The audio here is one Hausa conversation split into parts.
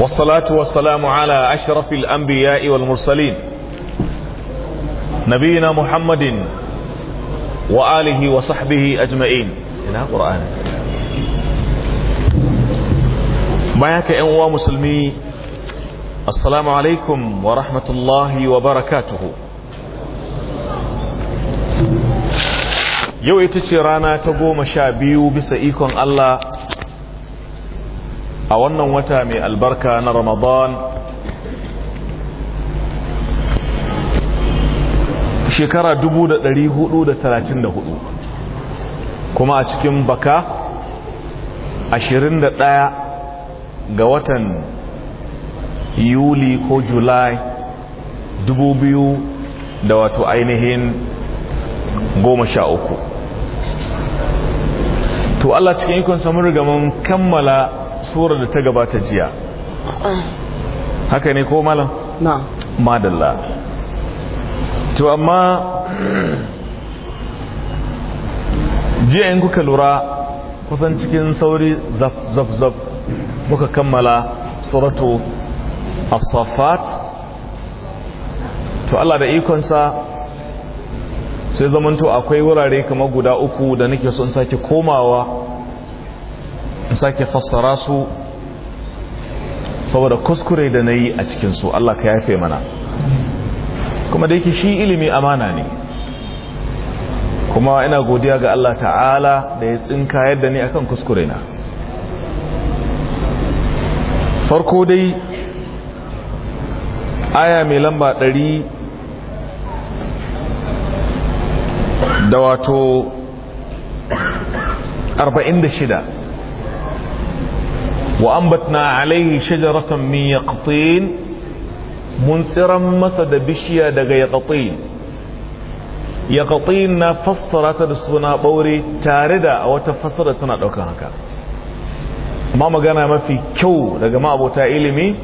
والصلاة والسلام على أشرف الأنبياء والمرسلين نبينا محمد وآله وصحبه أجمعين هنا قرآن معك أنوا مسلمي السلام عليكم ورحمة الله وبركاته يو إتشيرانا تقوم شابيو بسئيكم الله a wannan wata mai albarka na ramadan shekara 1434 kuma a cikin baka 21 ga watan yuli ko julai 2000 da wato ainihin 13 to Allah cikin ikon samun rigaman kammala surar da ta gabata jiya haka ne ko malam na madalla to amma jiya in kuka lura kusan cikin sauri zaf zaf zaf muka kammala suratu as-saffat to Allah da ikonsa sai zamanto akwai wurare kamar guda uku da nake son sake komawa in sake fassara su saboda kuskure da na yi a su Allah ka yafe mana kuma da yake shi ilimi amana ne kuma ina godiya ga Allah ta'ala da ya tsinka yadda ne akan kuskure na farko dai aya mai lamba ɗari da wato arba'in da shida. وأنبتنا عليه شجرة من يقطين منسرا مسد بشيا دغ يقطين يقطين فسرة السنة بوري تاردة أو تفسرة تنا دوكا ما مغانا ما في كو دغ ما أبو تايلمي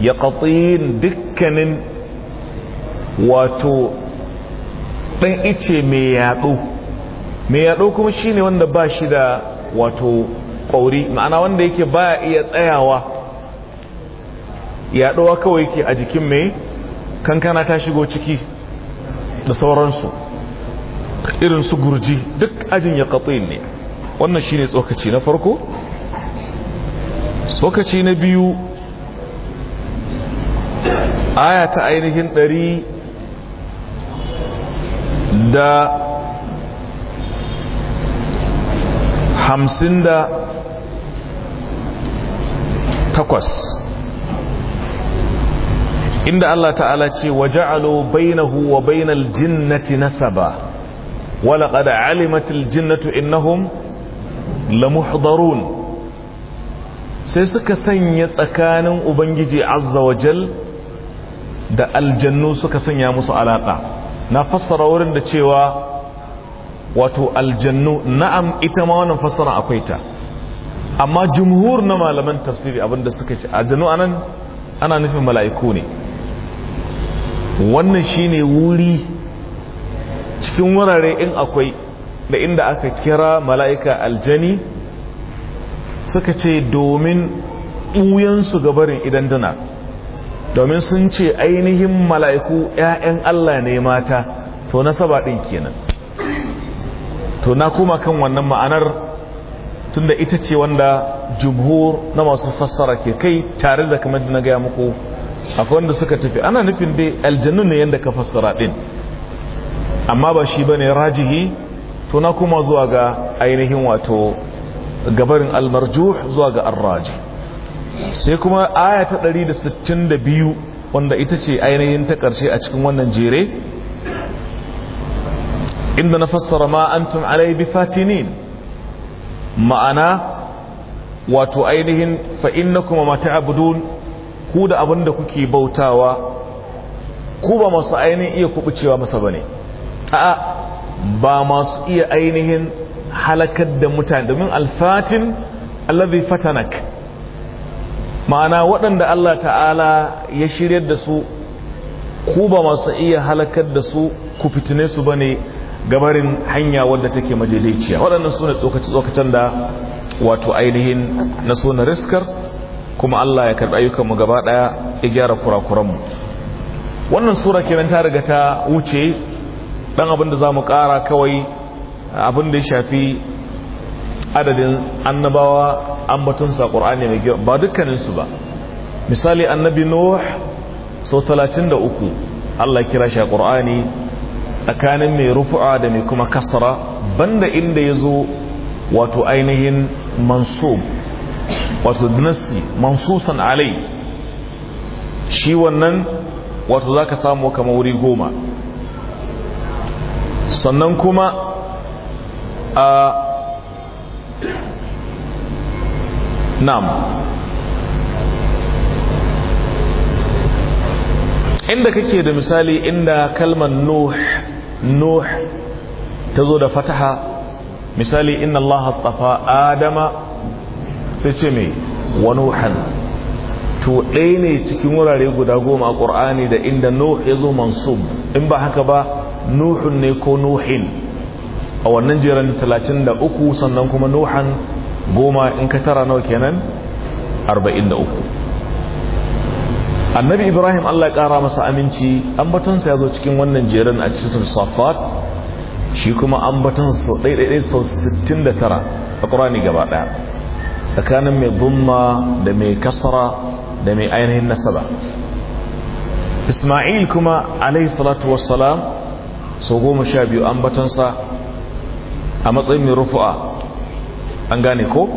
يقطين دكن واتو ɗan ice mai yaɗo mai yaɗo kuma shine wanda ba shi ƙwauri ma'ana wanda yake ba iya tsayawa yaɗuwa kawai yake a jikin mai kankana ta shigo ciki da sauransu irin su gurji duk ajin ya katsin ne wannan shi ne tsokaci na farko tsokaci na biyu aya ta ainihin ɗari da hamsin da takwas inda Allah ta'ala ce waja'alu bainahu wa bainal jinnati nasaba ولقد alimatil jinnatu innahum لمحضرون sai suka sanya tsakanin ubangiji azza wa jal da aljannu suka sanya musu alaƙa na fassara wurin da cewa wato aljannu na'am ita ma wannan fassara akwai ta amma jumhur na malaman tafsiri abinda suka ce janu anan ana nufin mala'iku ne wannan shine wuri cikin wurare in akwai da inda aka kira mala'ika aljani suka ce domin ɓuyansu gabarin idan dana domin sun ce ainihin mala'iku ‘ya'yan Allah ne mata to na saba ɗin kenan to na kuma kan wannan ma'anar tunda ita ce wanda jumhur na masu fassara ke kai tare da kamar na gaya muku akwai wanda suka tafi ana nufin dai aljannu ne yadda ka fassara din amma ba shi bane rajihi to na kuma zuwa ga ainihin wato gabarin almarjuh zuwa ga arraji sai kuma aya ta 162 wanda ita ce ainihin ta karshe a cikin wannan jere inda na fassara ma antum alai bi fatinin. ma'ana wato ainihin fa'inna kuma mata abudun ku da abin da kuke bautawa ku ba masu ainihin iya kubucewa masa ba ne a ba masu iya ainihin halakar da mutane domin alfatin allazi fatanak ma'ana waɗanda Allah ta'ala ya shirya da su ku ba masu iya halakar da su ku fitine su ba gabarin hanya wadda take majaliciya waɗannan su ne tsokacin da wato ainihin na su riskar kuma Allah ya karɓi ayyukanmu gaba ɗaya ya gyara kurakuranmu wannan sura kenan ta riga ta wuce dan abin da za mu ƙara kawai abin da ya shafi adadin annabawa ambatunsa ƙur'ani mai girma ba dukkaninsu ba misali annabi nuh sau 33 Allah kira shi a ƙur'ani tsakanin mai rufu'a da mai kuma kasara banda inda ya zo wato ainihin mansub wato dinasti mansusan alai shi wannan wato za ka samu kama wuri goma sannan kuma a nam inda kake da misali inda kalmar nuh nuh ta zo da fataha misali inna allaha astafa adama sai ce mai wa nuhan to ɗaya ne cikin wurare guda goma a ƙur'ani da inda nuh yazo mansub in ba haka ba nuhun ne ko nuhin a wannan jeran 33 sannan kuma nuhan goma in ka tara nawa kenan 43 annabi ibrahim allah ya kara masa aminci ambatonsa ya zo cikin wannan jerin a cikin safat shi kuma ambatonsa ɗaiɗaiɗai sau 69 a ƙurani gaba ɗaya tsakanin mai dumma da mai kasara da mai ainihin nasaba isma'il kuma alayhi salatu wassalam sau goma sha biyu ambatonsa a matsayin mai rufu'a an gane ko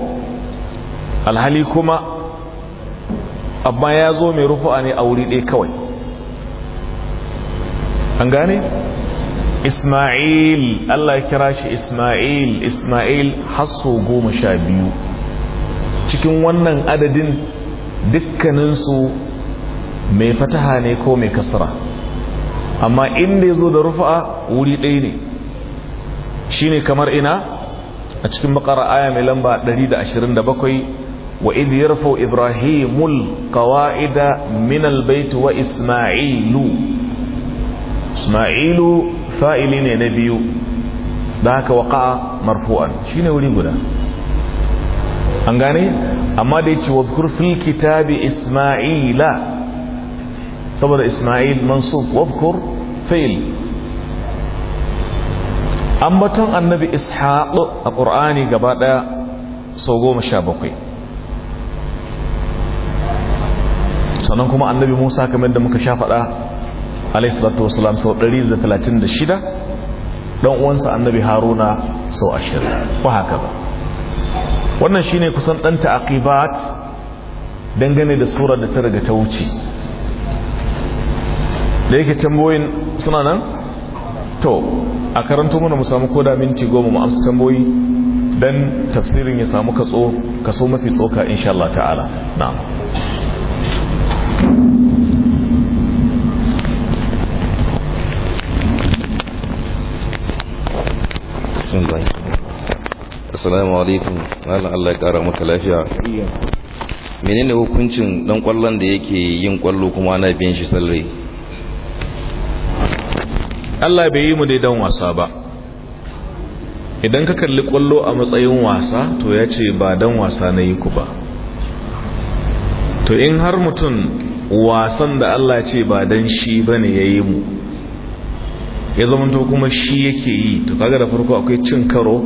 alhali kuma amma ya zo mai rufu'a ne a wuri ɗaya kawai an gane isma'il allah ya kira shi isma'il isma'il haso goma sha biyu cikin wannan adadin dukkaninsu mai fataha ne ko mai kasara? amma inda ya zo da rufa'a wuri ɗaya ne Shi ne kamar ina a cikin makara aya mai lamba 127 وإذ يرفع إبراهيم القواعد من البيت وإسماعيل إسماعيل فائلين نبي ذاك وقع مرفوعا شين يقولي قنا أنغاني أما ديت واذكر في الكتاب إسماعيل صبر إسماعيل منصوب واذكر فيل أما تن النبي إسحاق القرآن قبل سوغوم الشابقين sannan kuma annabi musa kamar da muka sha faɗa alaihissalatu wasalam sau 136 ɗan uwansa annabi haruna sau 20 ko haka ba wannan shi ne kusan dan ta'qibat dangane da surar da ta riga ta wuce da yake tamboyin suna nan to a karanto mana mu samu koda minti goma mu amsa tamboyi dan tafsirin ya samu katso kaso mafi tsoka insha Allah ta'ala na'am assalamu alaikum Allah Allah ya kara maka lafiya menene hukuncin dan kwallon da yake yin kwallo kuma ana biyan shi sallai Allah bai yi mu dai dan wasa ba idan ka kalli kwallo a matsayin wasa to ya ce ba dan wasa na yi ku ba to in har mutum wasan da Allah ce ba dan shi bane ya yi mu ya zamanto kuma shi yake yi to kaga da farko akwai cin karo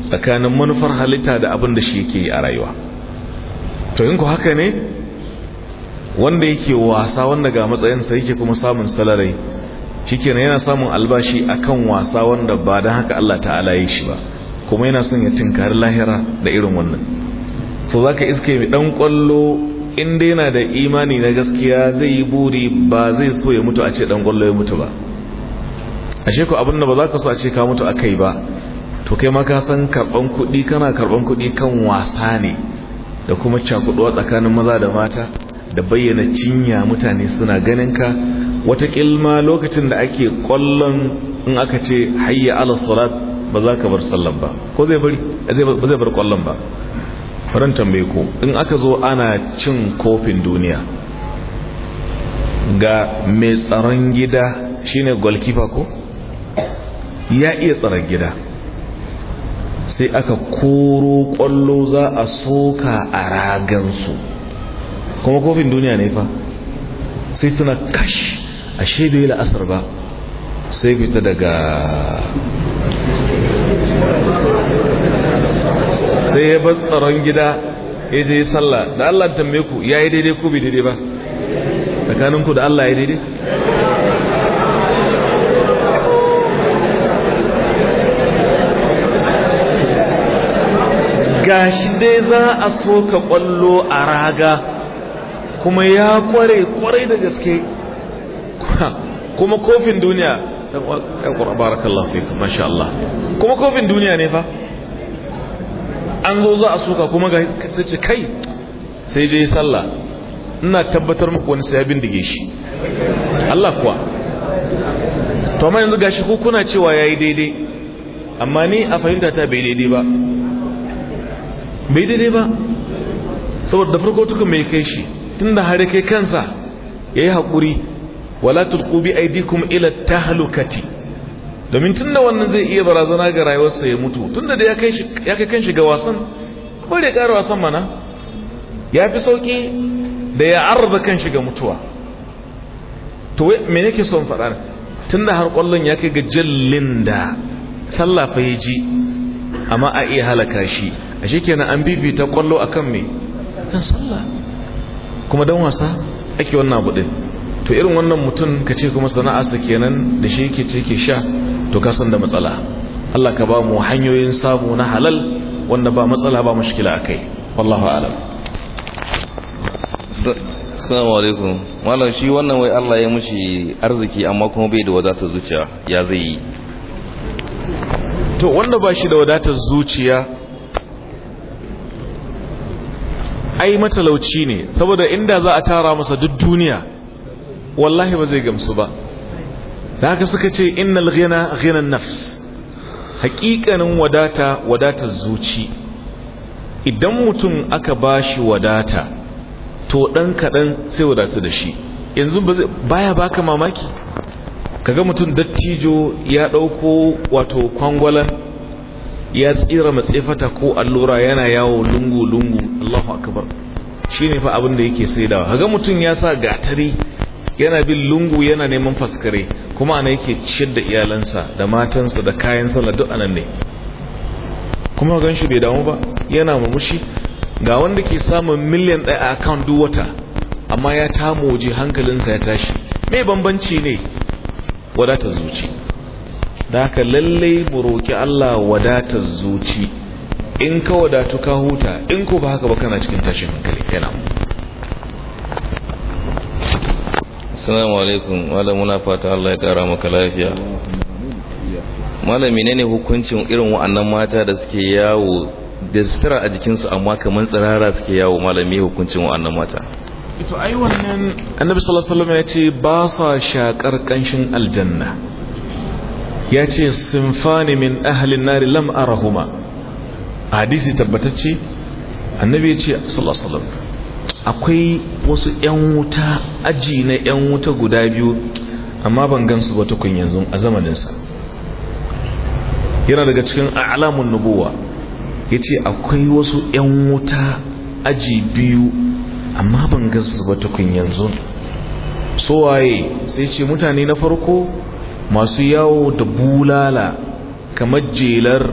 tsakanin manufar halitta da abin da shi yake yi a rayuwa to in ku haka ne wanda yake wasa wanda ga matsayinsa yake kuma samun salarai shikenan yana samun albashi akan wasa wanda ba da haka Allah ta'ala ya shi ba kuma yana son ya tinkari lahira da irin wannan so zaka iske mai dan kwallo in dai yana da imani na gaskiya zai yi buri ba zai so ya mutu a ce dan kwallo ya mutu ba ashe ku abin da ba za ka so a ce ka mutu a kai ba to kai ma ka san karban kuɗi kana karban kuɗi kan wasa ne da kuma cakuɗuwa tsakanin maza da mata da bayyana cinya mutane suna ganin ka wata kilma lokacin da ake kwallon in aka ce hayya ala salat ba za ka bar sallan ba ko zai bari ba zai bar kwallon ba faran tambaye ko in aka zo ana cin kofin duniya ga mai tsaron gida shine goalkeeper ko ya iya tsara gida sai aka koro kwallo za a soka a ragansu kuma kofin duniya ne fa sai suna kash a shaidu yi la'asar ba sai fita daga sai ya bar tsaron gida ya je sallah da allah tambaye ku ya yi daidai ko bai daidai ba tsakaninku da allah ya daidai gashi dai za a ka kwallo a raga kuma ya kware kware da gaske kuma kofin duniya ya kura barakallahu masha Allah kuma kofin duniya ne fa an zo za a soka kuma ga kasance ce kai sai je sallah ina tabbatar muku wani sai abin bindige shi Allah kuwa to amma yanzu gashi ku kuna cewa yayi daidai amma ni a fahimta ta bai daidai ba bai daidai ba saboda farko tuka mai kai shi tun da hare kai kansa ya yi haƙuri wala ƙubi aidikum ila tahlukati domin tun da wannan zai iya barazana ga rayuwarsa ya mutu tun da ya kai ya kanshi ga wasan bari ya ƙara wasan mana ya fi sauƙi da ya arba kanshi ga mutuwa to me nake son faɗa tun da har ƙwallon ya kai ga jallin da sallafa ya ji amma a iya halaka shi a kenan an bibita kwallo a kan mai kan sallah kuma don wasa ake wannan abu ɗin to irin wannan mutum ka ce kuma sana'arsa kenan da shi yake ce ke sha to ka san da matsala Allah ka ba mu hanyoyin samu na halal wanda ba matsala ba a akai wallahu alam assalamu alaikum malam shi wannan wai Allah ya mushi arziki amma kuma bai da wadatar zuciya ya zai yi to wanda ba shi da wadatar zuciya ai matalauci ne saboda inda za a tara masa duk duniya wallahi ba zai gamsu ba da haka suka ce innal ghina ghina nafs haƙiƙanin wadata wadatar zuci idan mutum aka bashi wadata to dan kadan sai wadata da shi yanzu baya baka mamaki kaga mutum dattijo ya ɗauko wato kwangwalan ya tsira matsefata ko allura yana yawo lungu-lungu Allahu akbar shine fa abin da yake saidawa kaga mutum ya sa gatari yana bin lungu yana neman faskare kuma ana yake ciyar da iyalansa da matansa da kayan sallah duk anan ne kuma gan shi bai damu ba yana mamushi ga wanda ke samun miliyan ɗaya a account duk wata amma ya tamo waje hankalinsa ya tashi me bambanci ne wadatar zuci da haka lallai mu roki Allah wadatar zuci in ka wadatu ka huta in ko ba haka ba kana cikin tashin hankali yana assalamu alaikum malam muna fata Allah ya kara maka lafiya malam menene hukuncin irin wa'annan mata da suke yawo da sutura a jikinsu amma kamar tsirara suke yawo malam me hukuncin wa'annan mata ito ai wannan annabi sallallahu alaihi wasallam ya ce ba sa shakar kanshin aljanna ya ce sinfani min ahlin nari lam arahuma a hadisi tabbatacce annabi ya ce sallallahu akwai wasu yan wuta aji na yan wuta guda biyu amma ban gansu ba tukun yanzu a zamaninsa yana daga cikin alamun nubuwa ya ce akwai wasu yan wuta aji biyu amma ban gansu ba tukun yanzu so waye sai ce mutane na farko masu yawo da bulala kamar jelar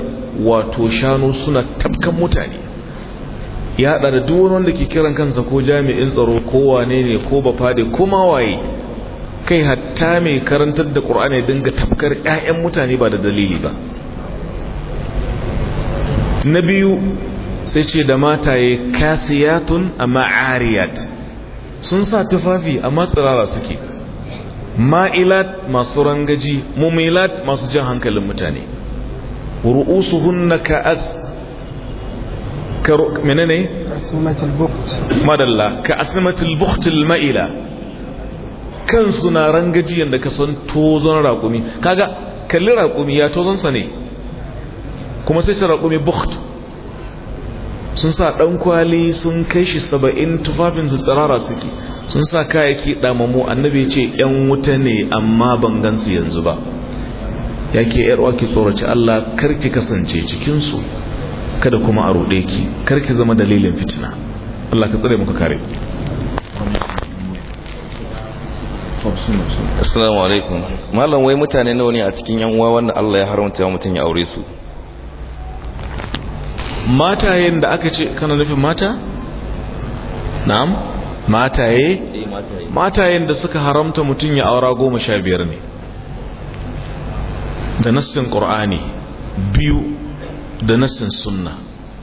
wato shanu suna tafkan mutane ya da duk wanda ke kiran kansa ko jami'in tsaro ko wane ne ko ba fade ko waye kai hatta mai karantar da ƙur'ani dinga tafkar 'ya'yan mutane ba da dalili ba na biyu sai ce da mataye kasiyatun a maariyat sun sa tufafi a tsirara suke ma'ilat masu rangaji mummilat masu jan hankalin mutane Ru'usu ka'as ka menene asmatul bukht madalla ka asmatul bukht al ma'ila kansu na rangaji da ka san tozon raƙumi kaga kalli raƙumi ya tozon sa ne kuma sai ta raƙumi bukht sun sa ɗan kwali sun kai shi saba'in tufafin su tsirara suke sun sa kayayyaki ɗamamu annabi ce ‘yan wuta ne amma ban gansu yanzu ba’ yake yarwa ki tsoraci Allah kar ki kasance cikin su kada kuma a rude ki kar ki zama dalilin fitina Allah ka tsare muka kare Assalamu alaikum malam wai mutane nawa ne a cikin yan uwa wanda Allah ya haramta mutum ya aure su yayin da aka ce kana nufin mata na'am mataye yayin eh, da suka haramta mutum ya aura goma sha biyar ne da nassin ƙur'ani biyu da nassin sunna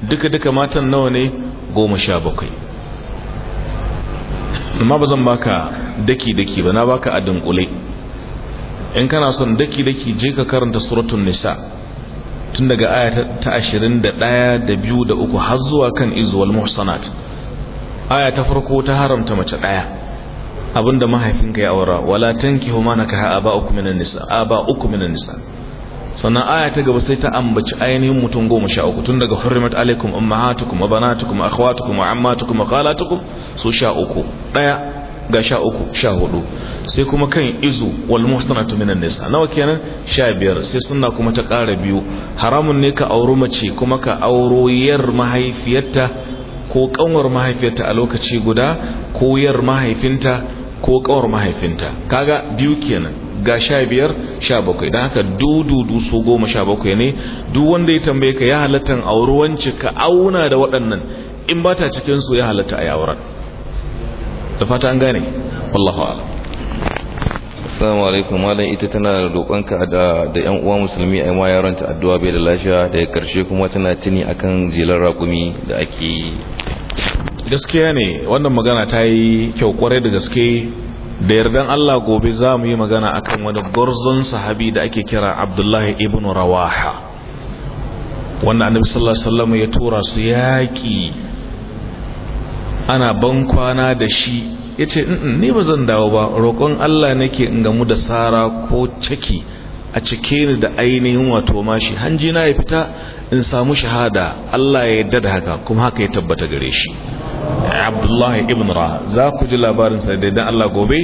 duka-duka matan nawa ne goma sha bakwai amma ba zan baka daki-daki ba na baka a dunkule in kana son daki-daki je ka karanta suratun nisa tun daga aya ta ashirin da ɗaya da biyu da uku har zuwa kan izuwal muhsanat aya ta farko ta haramta mace ɗaya abinda mahaifinka ya aura wala tankihu ma nakaha aba'ukum minan nisa aba'ukum minan nisa sannan aya ta gaba sai ta ambaci ainihin mutum goma sha uku tun daga hurrimat alaikum ummahatukum wa banatukum wa akhwatukum wa ammatukum wa khalatukum su sha uku daya ga sha uku sha hudu sai kuma kan izu wal muhsanatu minan nisa nawa kenan sha biyar sai suna kuma ta kara biyu haramun ne ka auri mace kuma ka auro yar mahaifiyarta ko kanwar mahaifiyarta a lokaci guda ko yar mahaifinta ko kawar mahaifinta kaga biyu kenan ga sha biyar sha bakwai don haka dududu su goma sha bakwai ne duk wanda ya tambaye ka ya halatta auri wance ka auna da waɗannan in ba ta cikinsu ya halatta a yawon da fata an gane wallahu ala assalamu alaikum malam ita tana da roƙonka ka da ƴan uwa musulmi a ma ta addu'a bai da lafiya daga karshe kuma tana tuni akan jilar raƙumi da ake yi gaskiya ne wannan magana ta yi kyau kwarai da gaske da yardan Allah gobe za mu yi magana a kan wani gwarzon sahabi da ake kira abdullahi ibn rawaha wanda annabi sallallahu alaihi wasallam ya tura su yaƙi ana ban kwana da shi ya ce ni ba zan dawo ba roƙon Allah nake in gamu da sara ko caki a cike ni da ainihin wato mashi hanji na ya fita in samu shahada Allah ya yarda da haka kuma haka ya tabbata gare shi Abdullahi ibn Raha za ku ji labarin sa dan Allah gobe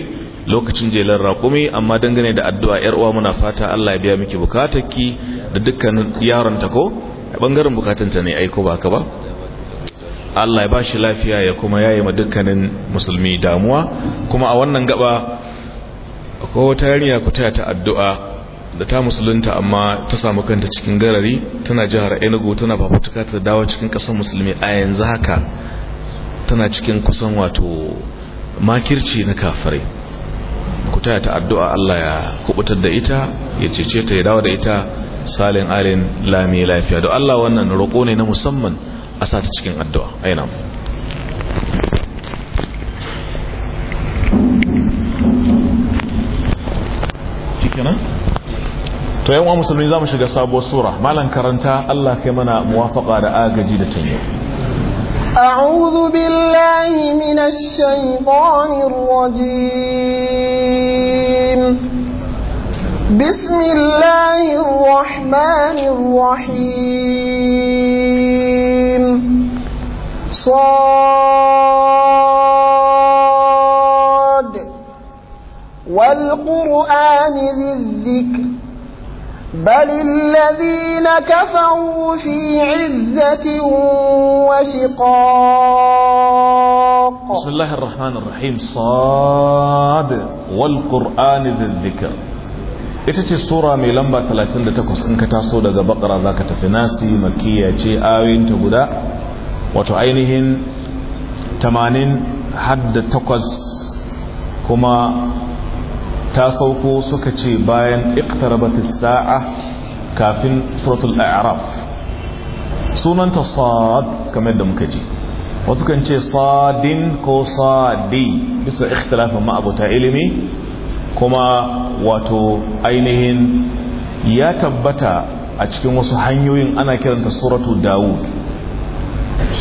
lokacin jelar raqumi amma dangane da addu'a ‘yar uwa muna fata Allah ya biya miki bukatarki da dukkan ta ko bangaren bukatunta ne aiko ba ka ba Allah ya bashi lafiya ya kuma yayi ma dukkanin musulmi damuwa kuma a wannan gaba ko wata yarinya ku taya ta addu'a da ta musulunta amma ta samu kanta cikin garari tana jihar enugu tana fafutuka ta dawo cikin kasar musulmi a yanzu haka tana cikin kusan wato makirci na kafare ku taya ta addu'a Allah ya kubutar da ita ya cece ta ya dawo da ita salin alin lami lafiya da Allah wannan roƙo ne na musamman a sata cikin addu'a aina to yan uwan musulmi zamu shiga sabuwar sura malan karanta Allah kai mana muwafaqa da agaji da tanyo a'udhu billahi minash shaytanir rajim bismillahir rahmanir rahim الرحيم صاد والقرآن ذي الذكر بل الذين كفروا في عزة وشقاق بسم الله الرحمن الرحيم صاد والقرآن ذي الذكر ita ce sura mai lamba 38 in ka taso daga bakara zaka tafi nasi makiya ce guda wato ainihin 80 hadda 8 kuma ta sauko suka ce bayan iqtarabatis sa'a kafin suratul a'raf sunanta sad kamar da muka ji wasu kan ce sadin ko sadi bisa ikhtilafin ma'abuta ilimi kuma wato ainihin ya tabbata a cikin wasu hanyoyin ana kiranta suratu dawud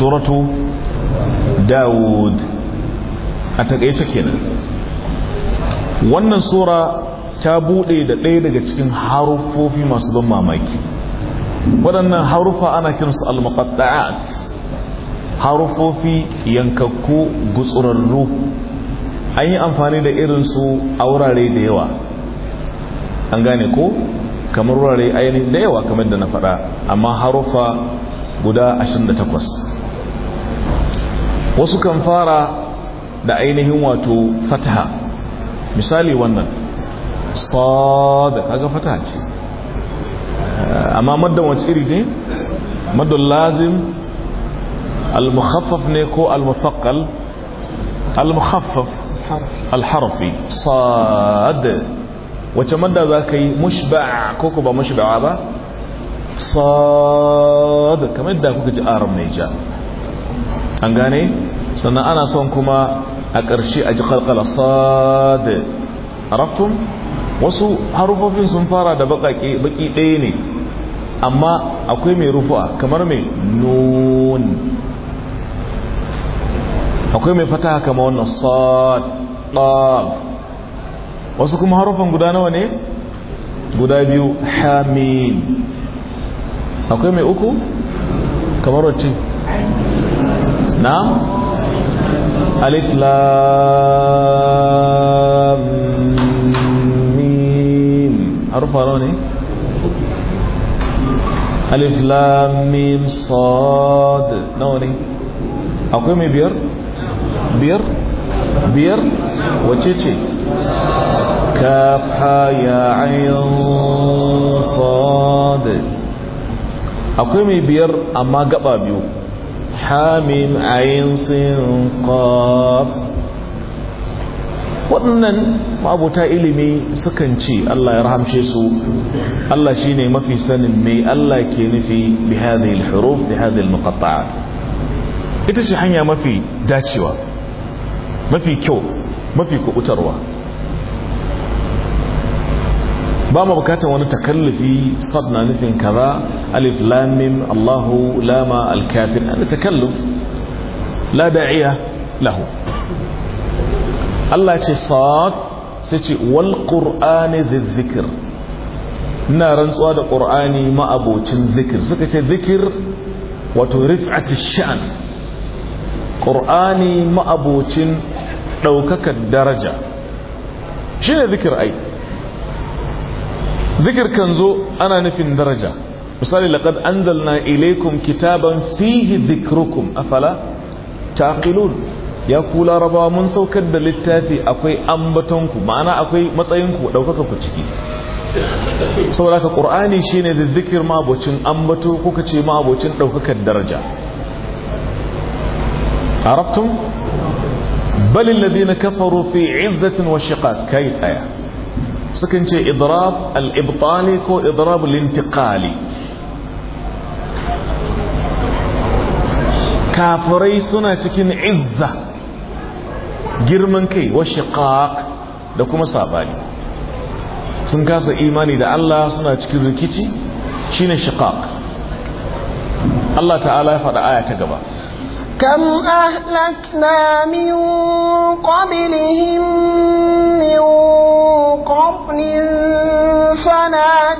suratu dawud a takaice kenan wannan sura ta bude da ɗaya daga cikin harufofi masu don mamaki waɗannan harufa ana kiransu al-muqatta'at harufofi yankakku gutsurarru an yi amfani da irinsu a wurare da yawa an gane ko kamar wurare ainihin da yawa kamar da na faɗa amma harufa guda 28 wasu kan fara da ainihin wato fataha misali wannan sada kaga fata ce amma maddan wacce iri ce maddan lazim al-mukhaffaf ne ko al-muthaqqal al-mukhaffaf al-harfi sad wacce madda zaka yi mushba' ko ko ba mushba' ba sad kamar da kuka ji aram mai ja an gane sannan ana son kuma a ƙarshe a ji kalkala sad araftum wasu harufofin sun fara da baƙi ɗaya ne amma akwai mai rufuwa kamar mai nun akwai mai fata kama wannan sad wasu kuma harufan guda nawa ne guda biyu hamid akwai mai uku kamar wacce na ألف لام ميم حرف أراني إيه؟ ألف لام ميم صاد نوني إيه؟ أقوم إيه؟ بير بير بير وتشي كاف حا يا عين صاد أقوم بير أما قبابيو hamim ayin sin waɗannan ma'abuta ilimi sukan ce Allah ya rahamce su Allah shine mafi sanin me Allah ke nufi bi hadhihi al-huruf bi hadhihi al-muqatta'at ita ce hanya mafi dacewa mafi kyau mafi kubutarwa ba mu bukatar wani takallufi sabna na nufin kaza ألف لام ميم الله لام الكافر هذا تكلف لا داعية له الله يتي صاد سيتي والقرآن ذي الذكر نارن سواد قرآني ما أبو تن ذكر سكتي ذكر وترفعة الشأن قرآني ما أبو تن ɗaukakar daraja shi ne zikir ai zikir kan zo ana nufin daraja misali laqad anzalna ilaykum kitaban fihi a afala taƙilun ya kula rabawa mun saukar da littafi akwai ambatonku ma'ana akwai matsayinku ɗaukaka ku ciki saboda ka ƙur'ani shi ne zikir mabocin ambato kuka ce mabocin ɗaukakar daraja araftun balin ladina kafaru fi izzatin wa shiqaq kai tsaya sukan ce idrab al-ibtali ko idrab Lintiƙali. kafirai suna cikin izza girman kai wa shiqaq da kuma sabani sun kasa imani da Allah suna cikin rikici shine shiqaq Allah ta'ala ya faɗa aya ta gaba كم أهلكنا من قبلهم من قرن فنادوا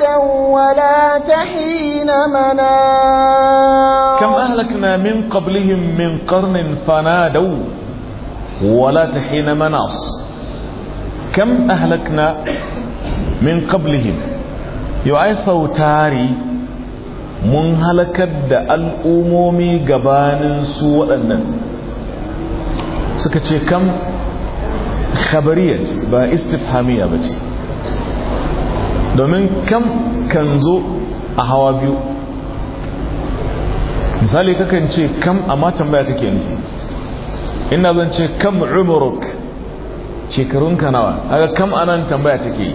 ولا تحين مناص كم أهلكنا من قبلهم من قرن فنادوا ولا تحين مناص كم أهلكنا من قبلهم يعيصوا تاري mun halakar da al'umomi gabanin su waɗannan suka ce kam khabariyat ba istifhamiya ba ce domin kam kan zo a hawa biyu misali kakan ce kam a matan baya kake nufi ina zan ce kam umuruk shekarunka nawa aga kam anan tambaya take yi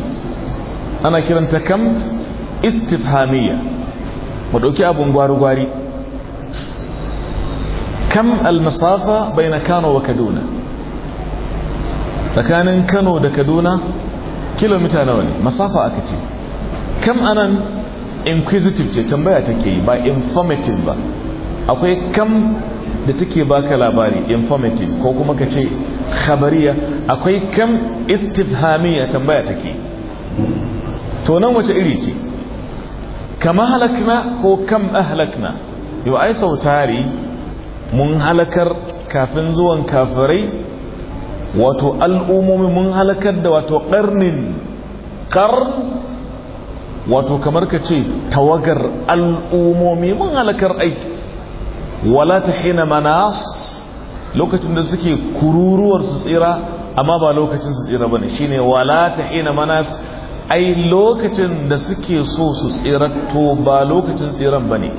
ana kiranta kam istifhamiya mu ɗauki abun gwari-gwari kam almasafa bai na kano wa kaduna tsakanin kano da kaduna kilomita nawa ne masafa aka ce kam anan inquisitive ce tambaya take yi ba informative ba akwai kam da take baka labari informative ko kuma ka ce khabariya akwai kam istifhamiya tambaya take to nan wace iri ce kama halakna ko kam ahlakna yau ai sau tari mun halakar kafin zuwan kafirai wato al'ummomi mun halakar da wato ƙarnin kar wato kamar ka ce tawagar al'ummomi mun halakar ai wala ta hina manas lokacin da suke kururuwar su tsira amma ba lokacin su tsira bane shine wala ta hina manas ai lokacin da suke so su tsiratto ba lokacin tsiran ba ne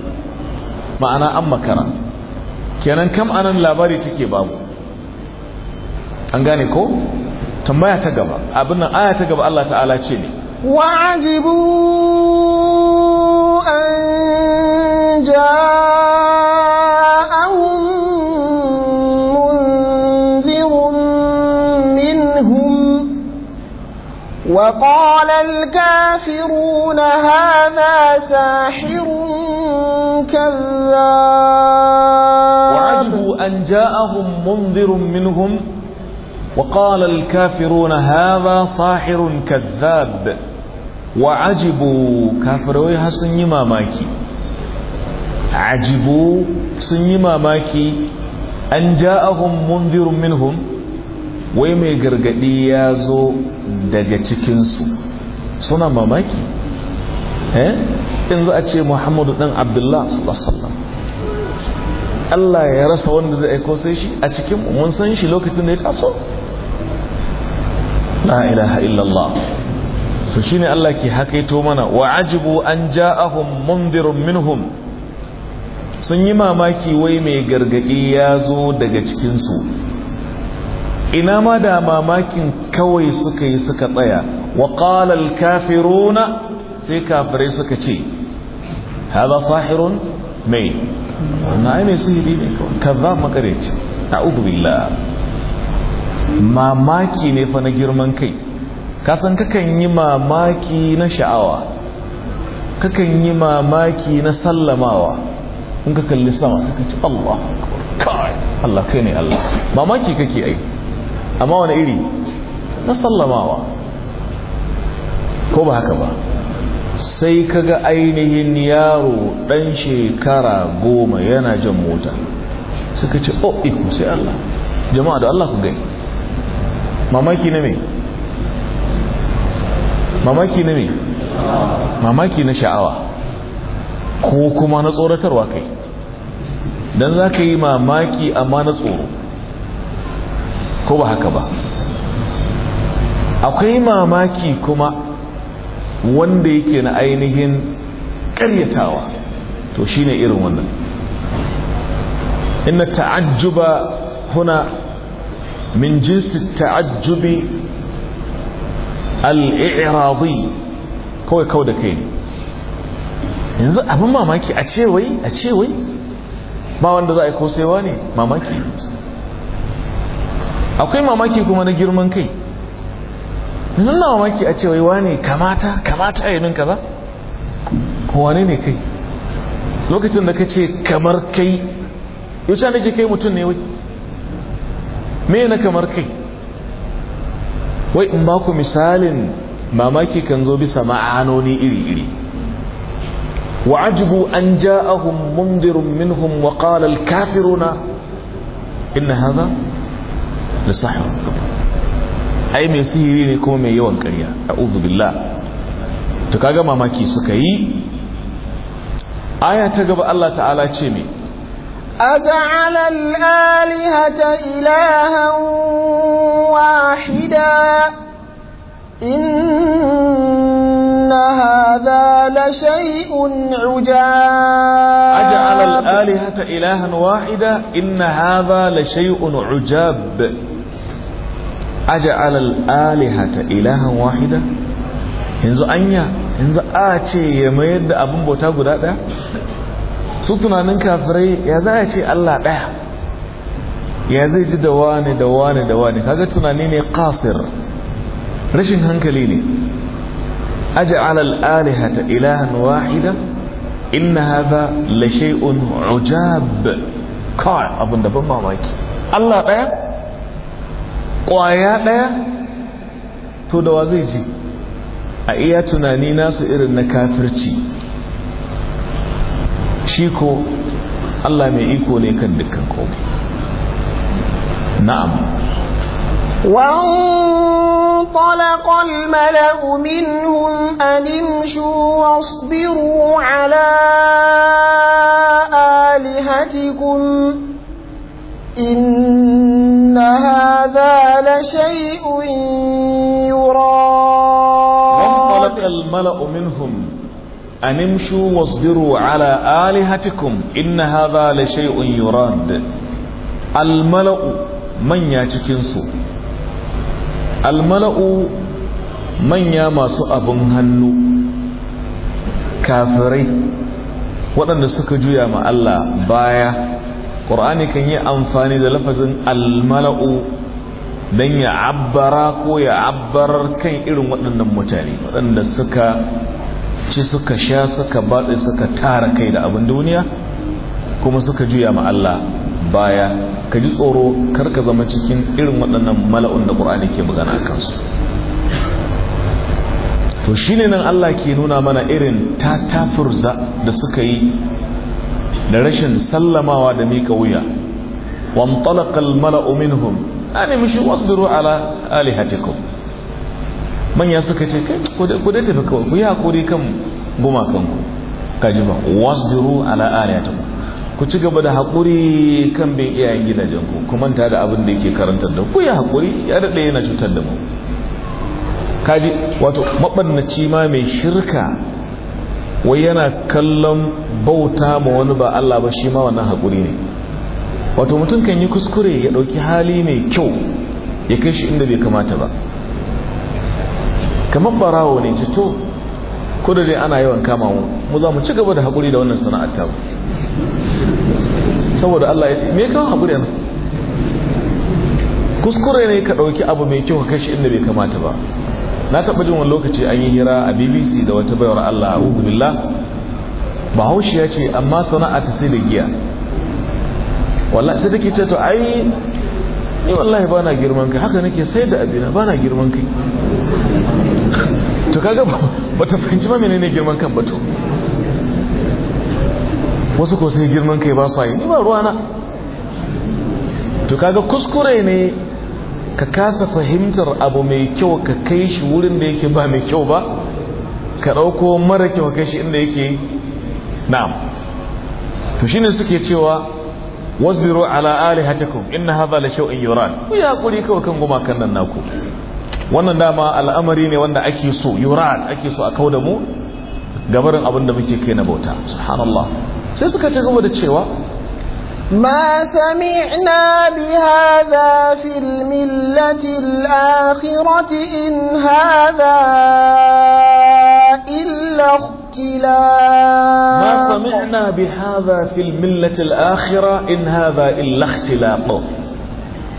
ma'ana an makara kenan kam anan labari take babu an gane ko tambaya ta gaba abin nan aya ta gaba Allah ta'ala ce ne Wajibu an ja'a وقال الكافرون هذا ساحر كذاب وعجبوا أن جاءهم منذر منهم وقال الكافرون هذا ساحر كذاب وعجبوا كافروي هسن يماماكي عجبوا سن ماماكي أن جاءهم منذر منهم wai mai gargadi ya zo daga cikinsu suna mamaki in eh? za a ce muhammadu dan abdullah sallallahu Allah ya rasa wanda zai aiko sai shi a cikin mun san shi lokacin da ya taso la ilaha illallah to shine Allah ke hakaito mana wa ajibu an ja'ahum mundirun minhum sun yi mamaki wai mai gargadi ya zo daga cikinsu ina ma da mamakin kawai suka yi suka tsaya wa ƙalal kafiruna sai kafirai suka ce haza sahirun mai na ai mai sihiri ne kawai. Ka kaza makareci a billah mamaki ne fa na girman kai kasan kakan yi mamaki na sha'awa kakan yi mamaki na sallamawa in ka kalli sama sai ka ce Allah kai Allah kai ne Allah mamaki kake ai amma wani iri na sallamawa ko ba haka ba sai kaga ainihin yaro dan shekara goma yana jan mota suka ce oh iku sai Allah jama'a da Allah ku gani mamaki na me mamaki na me mamaki na sha'awa ko kuma na tsoratarwa kai don za ka yi mamaki amma na tsoro ko ba haka ba akwai mamaki kuma wanda yake na ainihin ƙaryatawa to shine irin wannan inna ta'ajjuba huna min jinsi ta'ajjubi al-i'radi kawai kawai da kai yanzu abin mamaki a cewai, a cewai. ba wanda za a yi kosaiwa ne mamaki akwai mamaki kuma na girman kai yanzu mamaki a cewa wane kamata kamata ya min kaza wane ne kai lokacin da ka ce kamar kai yau can kai mutum ne wai me na kamar kai wai in ba ku misalin mamaki kan zo bisa ma'anoni iri-iri wa ajibu an ja'ahum mundirun minhum wa ƙalal kafiruna inna haza. lissahir ai mai sihiri ne kuma mai yawan ƙarya a uzubillah to kaga mamaki suka yi aya ta gaba Allah ta'ala ce mai أجعل الآلهة إلها واحدا إن هذا لشيء عجاب أجعل الآلهة إلها واحدا إن هذا لشيء عجاب aja'al al-alihata ilahan wahida yanzu anya yanzu a ce ya mayar da abin bauta guda daya su tunanin kafirai ya za a ce Allah daya ya zai ji da wani da wani da wani kaga tunani ne qasir rashin hankali ne aja'al al-alihata ilahan wahida inna hadha la shay'un ujab kai abun da ban mamaki Allah daya Kwaya ɗaya to da wa zai ji a iya tunani nasu irin na kafirci shi ko Allah mai iko ne kan dukkan komai na'am وانطلق الملأ منهم أن امشوا واصبروا على آلهتكم إن هذا لشيء يرام وانطلق الملأ منهم أن امشوا واصبروا على آلهتكم إن هذا لشيء يراد الملأ من ياتكنسو الملأ من يامسوا أبن هنو كافرين waɗanda suka juya ma Allah baya ƙur'ani kan yi amfani da lafazin almala'u don ya abbara ko ya abbar kan irin waɗannan mutane waɗanda suka ci suka sha suka batsa suka tara kai da abin duniya kuma suka juya ma Allah baya ka ji tsoro kar ka zama cikin irin waɗannan mala'un da ƙur'ani ke magana kansu to shine nan Allah ke nuna mana irin tatafurza da suka yi da rashin sallamawa da mika wuya wan talakal mala'u minhum ani mishi wasdiru ala alihatikum manya suka ce kai ku da tafi kawai ku yi hakuri kan gumakan ku kaji ba wasu wasdiru ala alihatikum ku ci gaba da hakuri kan bin iyayen gidajen ku ku manta da abin da yake karantar da ku ya hakuri ya daɗe yana cutar da mu kaji wato maɓannaci ma mai shirka wai yana kallon bauta ma wani ba Allah ba shi ma wannan haƙuri ne wato mutum kan yi kuskure ya ɗauki hali mai kyau ya kai shi inda bai kamata ba kamar barawo ne ce to ko da dai ana yawan kama mu mu za mu ci gaba da haƙuri da wannan sana'ar ta saboda Allah ya me kawo haƙuri nan kuskure ne ka ɗauki abu mai kyau ka kai shi inda bai kamata ba na taɓa jin wani lokaci an yi hira a bbc da wata bayar allah a billah bahaushe ya ce amma sana'a ta sai da giya wallah sai take ce to ai ni wallahi ba na girman kai haka nake sai da abina ba na girman kai to kaga ba ta fahimci ma menene girman kan ba to wasu ko sai girman kai ba su yi ni ba ruwana to kaga kuskure ne ka kasa fahimtar abu mai kyau ka kai shi wurin da yake ba mai kyau ba ka ɗauko mara kyau kai shi inda yake na'am to shine suke cewa wasbiru ala alihatakum inna hadha la shay'un yuran ku ya kuri kawai kan goma kan nan naku wannan dama al'amari ne wanda ake so yuran ake so a kauda mu gabarin abin da muke kai na bauta subhanallah sai suka ci gaba da cewa ما سمعنا بهذا في الملة الآخرة إن هذا إلا اختلاق ما سمعنا بهذا في الملة الآخرة إن هذا إلا اختلاق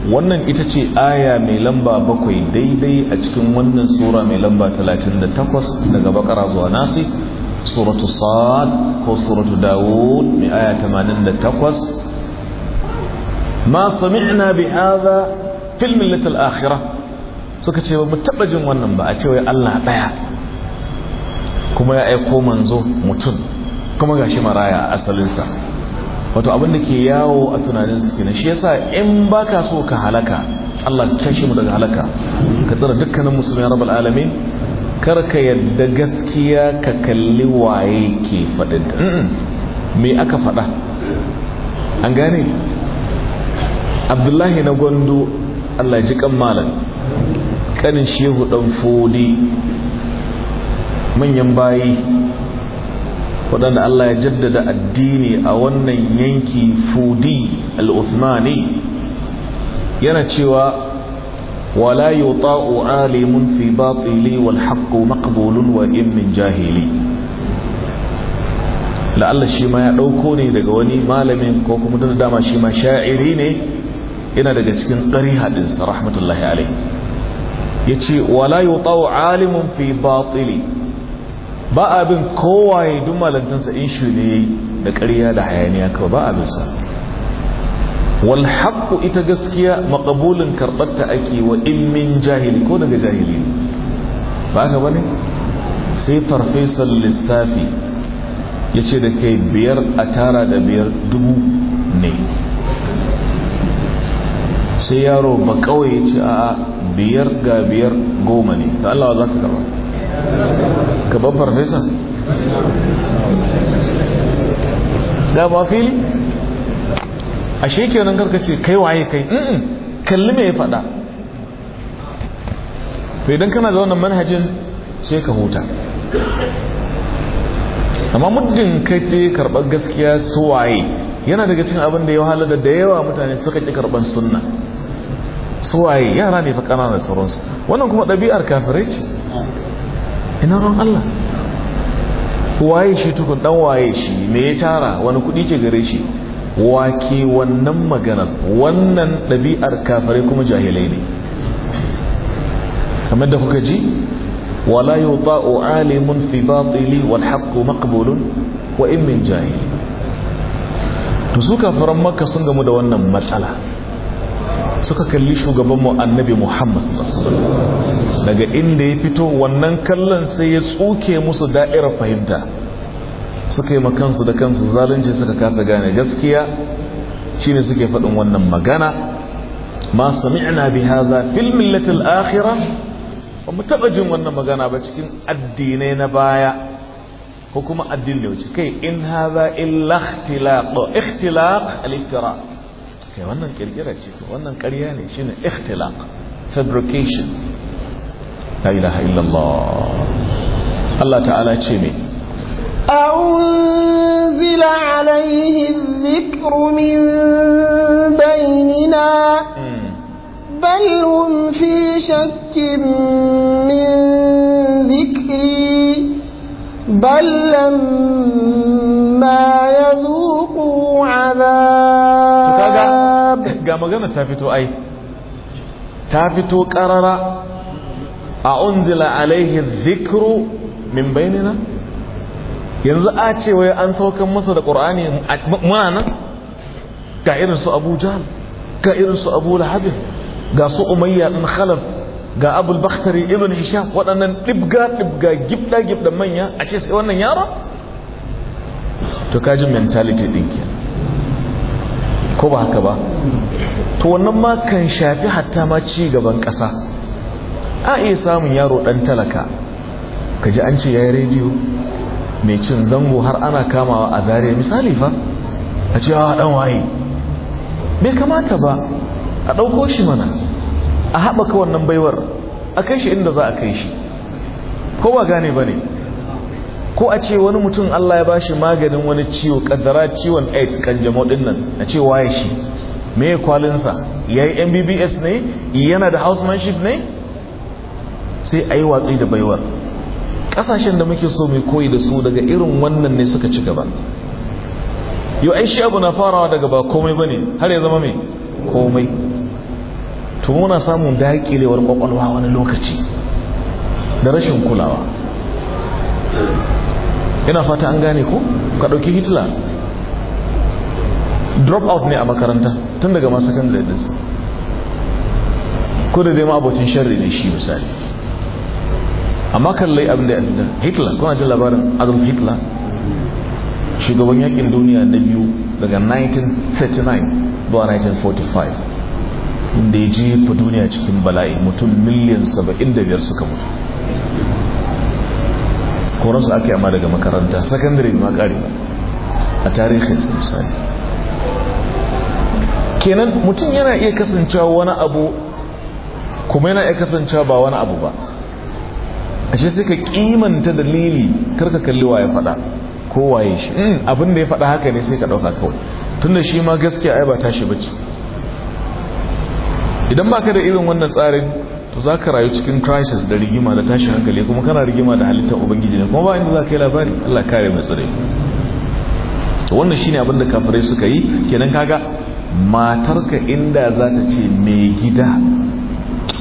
wannan ita ce aya mai lamba bakwai daidai a cikin wannan sura mai lamba 38 daga bakara zuwa nasi suratu sad ko suratu dawud mai aya 88 ma sami'na bi hadha fil millati al-akhirah suka ce ba mu taba jin wannan ba a ce wai Allah daya kuma ya aiko manzo mutum kuma gashi maraya a asalinsa wato abin da ke yawo a tunanin su kenan shi yasa in baka so ka halaka Allah ya kashe mu daga halaka ka tsara dukkanin musulmai rabbul alamin kar ka yadda gaskiya ka kalli waye ke faɗinta me aka faɗa an gane abdullahi na gwando allah ji kan malam kanin shehu dan fodi manyan bayi waɗanda allah ya jaddada addini a wannan yanki fodi al-uthmani yana cewa alimun fi batili wal haqqu maqbulun wa in min jahili la'alla shi ma ya ɗauko ne daga wani malamin ko kuma da dama shi ma sha'iri ne yana daga cikin ƙari hadinsa rahmatullahi alai ya ce wala yi tsawo alimin fi batili ba abin kowaye duk malantansa in shi ne da ƙariya da hayaniya kawai ba abinsa wal haqqu ita gaskiya maƙabulin karbatta ake wa in jahili ko daga jahili ba ka bane sai farfesan lissafi ya ce da kai biyar a tara da biyar dubu ne sai yaro ba kawai ya ce a biyar ga biyar goma ne da Allah za ka kama, ka ban farfesa ga ba fili a shekenan karka ce kai waye kai kalli mai faɗa fai idan kana da manhajin sai ka huta amma muddin kai ta karɓar gaskiya su waye yana daga cin abin da ya wahala da yawa mutane suka ƙi karɓar sunna Su waye yara ne fa ƙananan sauransu wannan kuma ɗabi'ar kafirai ce ina ran Allah waye shi tukun ɗan waye shi me ya tara wani kuɗi ke gare shi wake wannan maganar wannan ɗabi'ar kafirai kuma jahilai ne kamar da kuka ji wala yuta'u alimun fi batili wal haqqu maqbulun wa in min jahil to su kafiran makka sun gamu da wannan matsala suka kalli shugabanmu annabi muhammad daga inda ya fito wannan kallon sai ya tsuke musu da'irar fahimta suka yi makansu da kansu zalunci suka kasa gane gaskiya shine suke faɗin wannan magana ma sami'na bi haza filmin latin al ba mu taba jin wannan magana ba cikin addinai na baya ko kuma addini da wuce kai in haza illa ikhtilaq ikhtilaq al kai wannan kirkira ce wannan ƙarya ne shine ikhtilaq fabrication la ilaha illallah Allah ta'ala ce me أنزل عليه الذكر من بيننا بل هم في شك من ذكري بل لما يذوقوا عذاب ga magana ta fito ai ta fito karara a unzila alaihi zikru min bainina yanzu a ce wai an saukan masa da ƙur'ani muna nan ga irin su abu jan ga irin su abu lahabin ga su umayya ɗin khalaf ga abul bakhtari ibn hisham waɗannan ɗibga ɗibga gibda gibda manya a ce sai wannan yaro to kajin mentality ɗin kenan ko ba haka ba to wannan ma kan shafi hatta ma ci gaban ƙasa a iya samun yaro ɗan talaka ka ji an ce ya yi rediyo mai cin zango har ana kamawa a zariya misali fa a ce ah, ɗan waye bai kamata ba a ɗauko shi mana a haɓaka wannan baiwar a kai shi inda za a kai shi ko ba gane ba ne ko a ce wani mutum Allah ya bashi maganin wani ciwo kaddara ciwon AIDS kanjamau din nan a ce waye shi me kwalinsa yayi MBBS ne yana da housemanship ne sai ayi watsi da baiwar kasashen da muke so mu koyi da su daga irin wannan ne suka ci gaba yau ai shi abu na farawa daga ba komai bane har ya zama mai komai to muna samun dakilewar kwakwalwa wani lokaci da rashin kulawa ina fata an gane ku ka ɗauki hitler drop out ne a makaranta tun daga masu kan daidinsa ko da dai ma abokin ne shi misali amma kallai abin da hitler kuna jin labarin adolf hitler shugaban yakin duniya na biyu daga 1939 zuwa 1945 inda ya jefa duniya cikin bala'i mutum miliyan 75 suka mutu koransu aka amma daga makaranta sakandare ma kare a tarihin misali kenan mutum yana iya kasancewa wani abu kuma yana iya kasancewa ba wani abu ba ashe sai ka kimanta dalili karka kalli wa ya faɗa ko waye shi hmm, abin da ya faɗa haka ne sai ka ɗauka kawai tunda shi ma gaskiya ai ba tashi bace idan baka da irin wannan tsarin to za ka rayu cikin crisis da rigima da tashi hankali kuma kana rigima da halittar ubangiji ne kuma ba inda za ka yi labari allah kare mai tsare to wannan shine abin da kafirai suka yi kenan kaga matarka inda za ta ce mai gida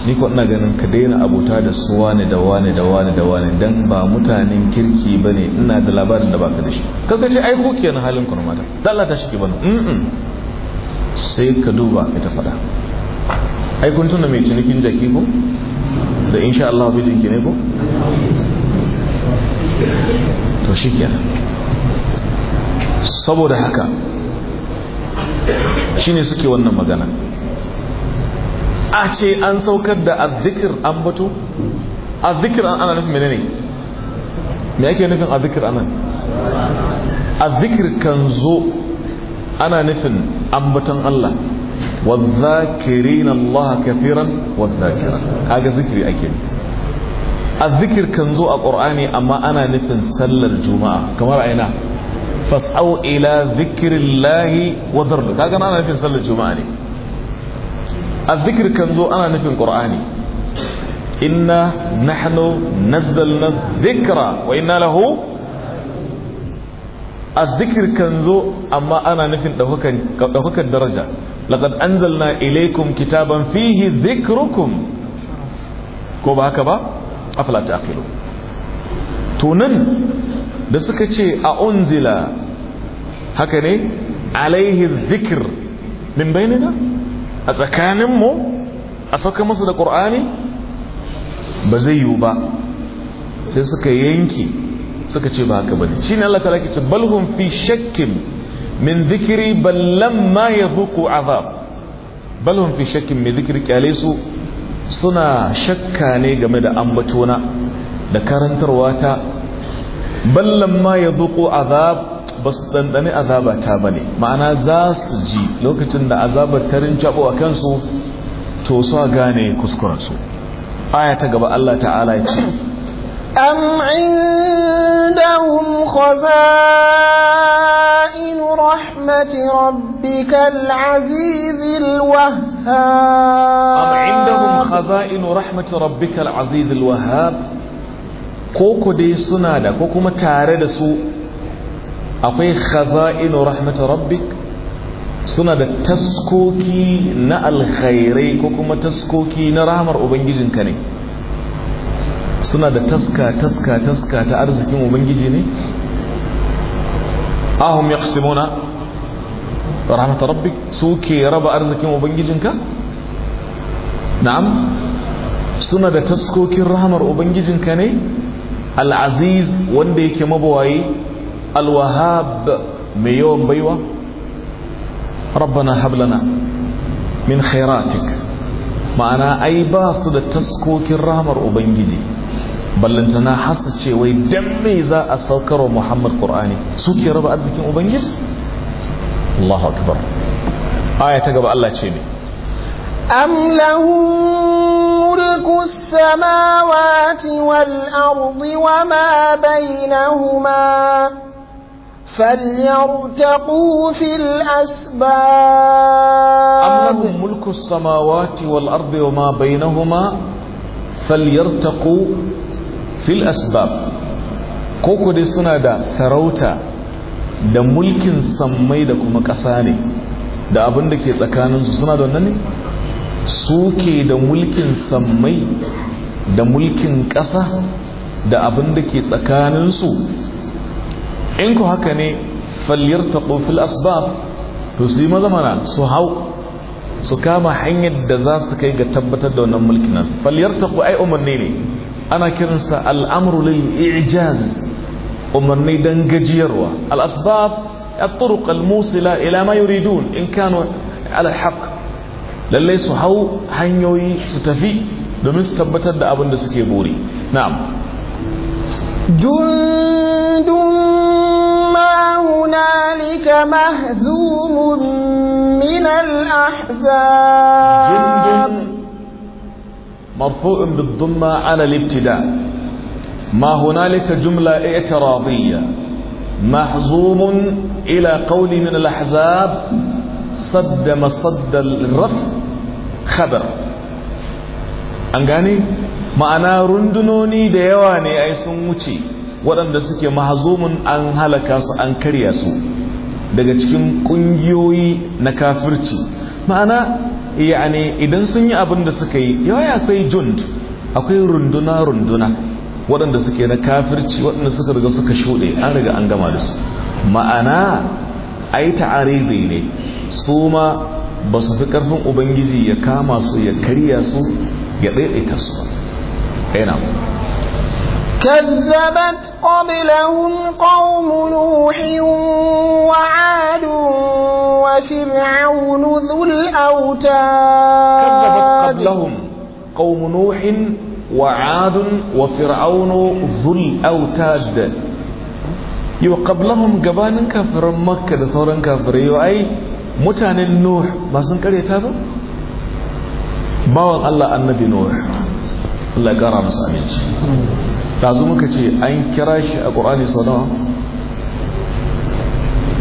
ni ko ina ganin ka daina abota da su wane da wane da wane da wane dan ba mutanen kirki bane ina da labarin da baka da shi kaga ce ai ko kenan halin ku mata da Allah ta shike bane sai ka duba ita ta fada ai kun tuna mai cinikin jaki ko da insha Allah ki ne ko to shi saboda haka shine suke wannan magana a ce an saukar da azzikir an batu azzikir an ana nufin menene me yake nufin azzikir anan azzikir kan zo ana nufin ambaton Allah والذاكرين الله كثيرا والذاكرة هذا ذكري أكيد الذكر كنزو القرآن أما أنا نفن سل الجمعة كما رأينا فاسعوا إلى ذكر الله وضربك هذا أنا نفن سل الجمعة الذكر كنزو أنا نفن قرآني إنا نحن نزلنا الذكر وإنا له الذكر كنزو أما أنا نفن لهكا درجة laqad anzalna ilaykum kitaban fihi dhikrukum ko ba haka ba afala taqilu to nan da suka ce a unzila haka ne alaihi dhikr min bainina a tsakaninmu a sauka masa da qur'ani ba zai yiwu ba sai suka yanki suka ce ba haka bane shine Allah ta lake ce balhum fi shakkin min zikiri ballan ma ya zuku azab balon fi shakkin mai zikiri kyale su suna shakka ne game da ambatona da karantarwa ta ballan ma ya zuku azab ba su ɗanɗani azaba ta ba ne ma'ana za su ji lokacin da azabar tarin jabo a kansu to su gane kuskurensu aya ta gaba Allah ta'ala ya ce أم عندهم خزائن رحمة ربك العزيز الوهاب أم عندهم خزائن رحمة ربك العزيز الوهاب كوكو دي سنادا كوكو ما تارد سو أقوي خزائن رحمة ربك سنادا تسكوكي نأل خيري كوكو ما تسكوكي نرامر أبنجزن كنين suna da taska taska taska ta arzikin ubangiji ne ahum yaqsimuna rahmat rabbik suke raba arzikin ubangijinka na'am suna da taskokin rahmar ubangijinka ne al-aziz wanda yake mabawai al-wahhab mai yawan baiwa rabbana hab lana min khairatik ma'ana ai ba su da taskokin rahmar ubangiji ballantana hasa ce wai dan me za a saukarwa muhammad qur'ani suke raba arzikin ubangiji Allahu akbar aya ta gaba Allah ce ne am lahum mulku samawati wal ardi wama bainahuma فليرتقوا في الأسباب أم لهم ملك السماوات والأرض وما بينهما فليرتقوا fil asbab ko ku dai suna da sarauta da mulkin sammai da kuma ƙasa ne da abin da ke tsakaninsu suna da wannan ne Su ke da mulkin sammai da mulkin ƙasa da abin da ke tsakaninsu in ku haka ne falyar fil asbab to su yi mazamana su hau su kama hanyar da za su kai ga tabbatar da wannan mulkin nan falyar taɓo ai umarni ne ana kiransa al'amru lil i'jaz umarni dan gajiyarwa al-asbab الطرق الموصلة إلى ما يريدون إن كانوا على الحق للي سهو هنيوي ستفي domin su tabbatar da abin da suke buri na'am jundun ma hunalika mahzumun min al-ahzab مرفوع بالضمة على الابتداء ما هنالك جملة اعتراضية محزوم إلى قول من الأحزاب صد مصد الرف خبر أنقاني ma'ana rundunoni da yawa ne ai sun wuce waɗanda suke mahazumin an halaka su an karya su daga cikin ƙungiyoyi na kafirci ma'ana yani idan sun yi abin da suka yi yawaya sai jund akwai runduna-runduna waɗanda suke na kafirci waɗanda suka riga suka shuɗe an riga an gama da su ma'ana ai ta'aribi ne su ma ba su fi ƙarfin ubangiji ya kama su ya karya su ya ɗaiɗaita su ba كذبت قبلهم قوم نوح وعاد وفرعون ذو الأوتاد كذبت قبلهم قوم نوح وعاد وفرعون ذو الأوتاد يو قبلهم قبان كافر مكة لثورا كافر يو أي متان النوح ما سنكر يتابع باوان الله النبي نوح الله قرام سعيد Tazu muka ce an kira shi a ƙorani sau nawa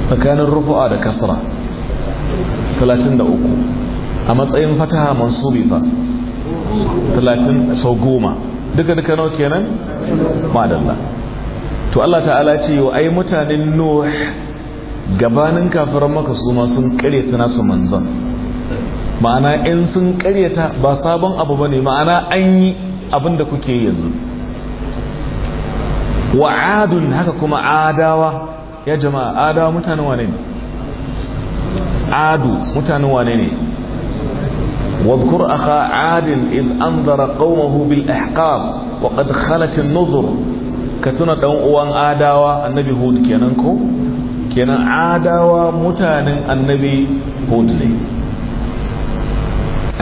tsakanin rufu'a da kasra 33 a matsayin fataha masu fa 30 sau goma duka duka nawa kenan madalla to Allah ta'ala ce yau ai mutanen nuh gabanin kafiran maka su ma sun karyata nasu manzan ma'ana in sun karyata ba sabon abu bane ma'ana an yi abin da kuke yanzu wa adun haka kuma adawa ya jama'a adawa mutanen wane ne adu mutanen wane ne واذكر أخا عاد إذ أنذر قومه nuzur وقد خلت النظر كتنا دعوان آداوة النبي هود كينانكو كينا آداوة متان النبي هود ne.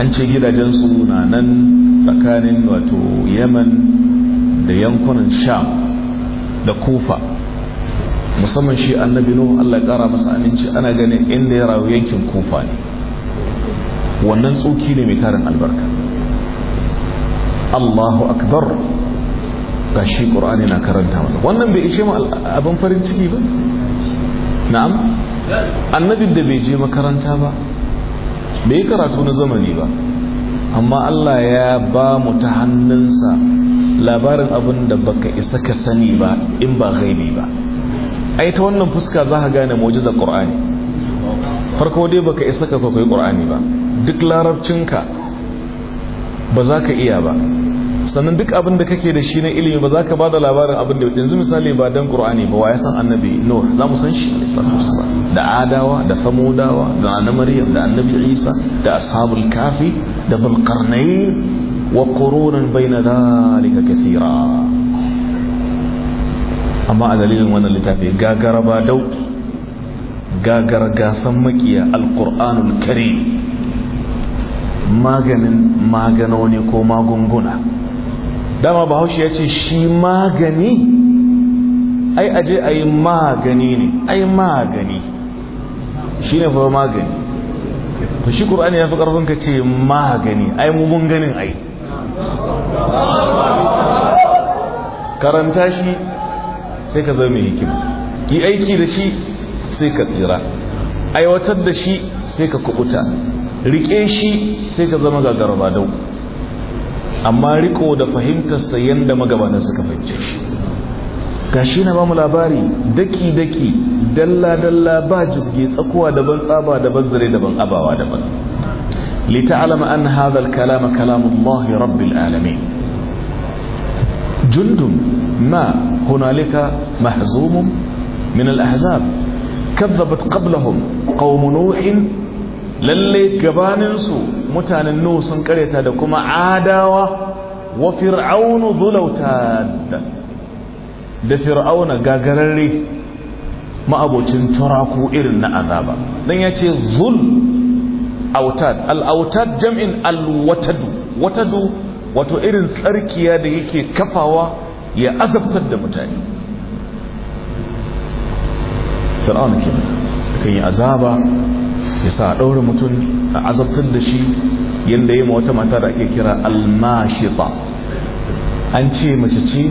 an ce gidajen suna nan tsakanin wato yaman da yankunan sham da kufa musamman shi annabi nuhu Allah ƙara kara masa aminci ana ganin inda ya rayu yankin kufa ne wannan tsoki ne mai tarin albarka Allahu akbar ga shi ƙur'ani na karanta mana wannan bai ishe abin farin ciki ba na'am annabin da bai je makaranta ba bai karatu na zamani ba amma Allah ya ba mu ta hannunsa labarin abin da baka isa ka sani ba in ba gaibi ba ai ta wannan fuska za ka gane mu'jizar qur'ani farko dai baka isa ka kai qur'ani ba duk larabcinka ba za ka iya ba sannan duk abin da kake da shi na ilimi ba za ka ba da labarin abin da yanzu misali ba dan qur'ani ba wa ya san annabi nur za mu san shi da adawa da famudawa da annabi maryam da annabi isa da ashabul kafi da bulqarnain وقرونا بين ذلك كثيرا amma a dalilin wannan littafi gagara ba dau gagara gasan makiya alkur'anul karim maganin maganoni ko magunguna dama bahaushe ya ce shi magani ai aje a yi magani ne ai magani shi ne fa magani to shi ƙur'ani ya fi ƙarfin ka ce magani ai mu mun ganin ai karanta shi sai ka zama hikima yi aiki da shi sai ka tsira aiwatar da shi sai ka kubuta rike shi sai ka zama gagarba dau amma riko da fahimtar sa yanda magabata suka fice shi ga shi na bamu labari daki-daki dalla-dalla ba jirgi tsakuwa daban tsaba daban zare daban abawa daban لتعلم أن هذا الكلام كلام الله رب العالمين جند ما هنالك مهزوم من الأحزاب كذبت قبلهم قوم نوح للي قبان نسو متان النوس انكريتا دكما عاداوة وفرعون ظلو تاد ده فرعون قاقرري ما أبو تراكو إرن عذابا لن يأتي ظل autad al'autad jam'in alwatadu watadu wato irin tsarkiya da yake kafawa ya azabtar da mutane fir'auna ke kan yi azaba ya sa ɗaure mutum a azabtar da shi yadda yi wata mata da ake kira almashita an ce mace ce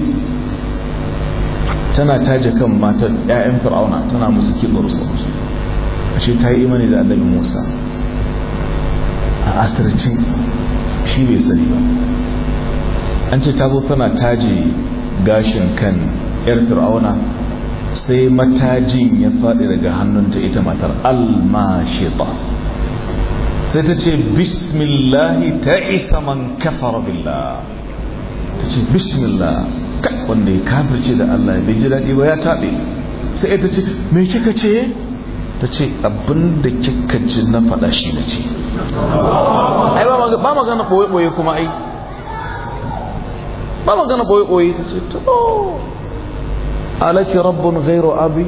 tana taje kan matar 'ya'yan fir'auna tana musu kitso da ashe ta yi imani da annabi musa a asirce shi bai sani ba an ce ta zo tana taji gashin kan yar fir'auna sai matajin ya faɗi daga hannunta ita matar almashita sai ta ce bismillahi ta isa man kafara billah ta ce bismillah wanda ya kafirce da Allah ya bai ji daɗi ba ya taɓe sai ita ce me kika ce ta ce abinda kika ji na faɗa shi na ce ai ba magana ɓoye-ɓoye kuma ai ba magana ɓoye-ɓoye ta ce to alaki rabbin gairo abi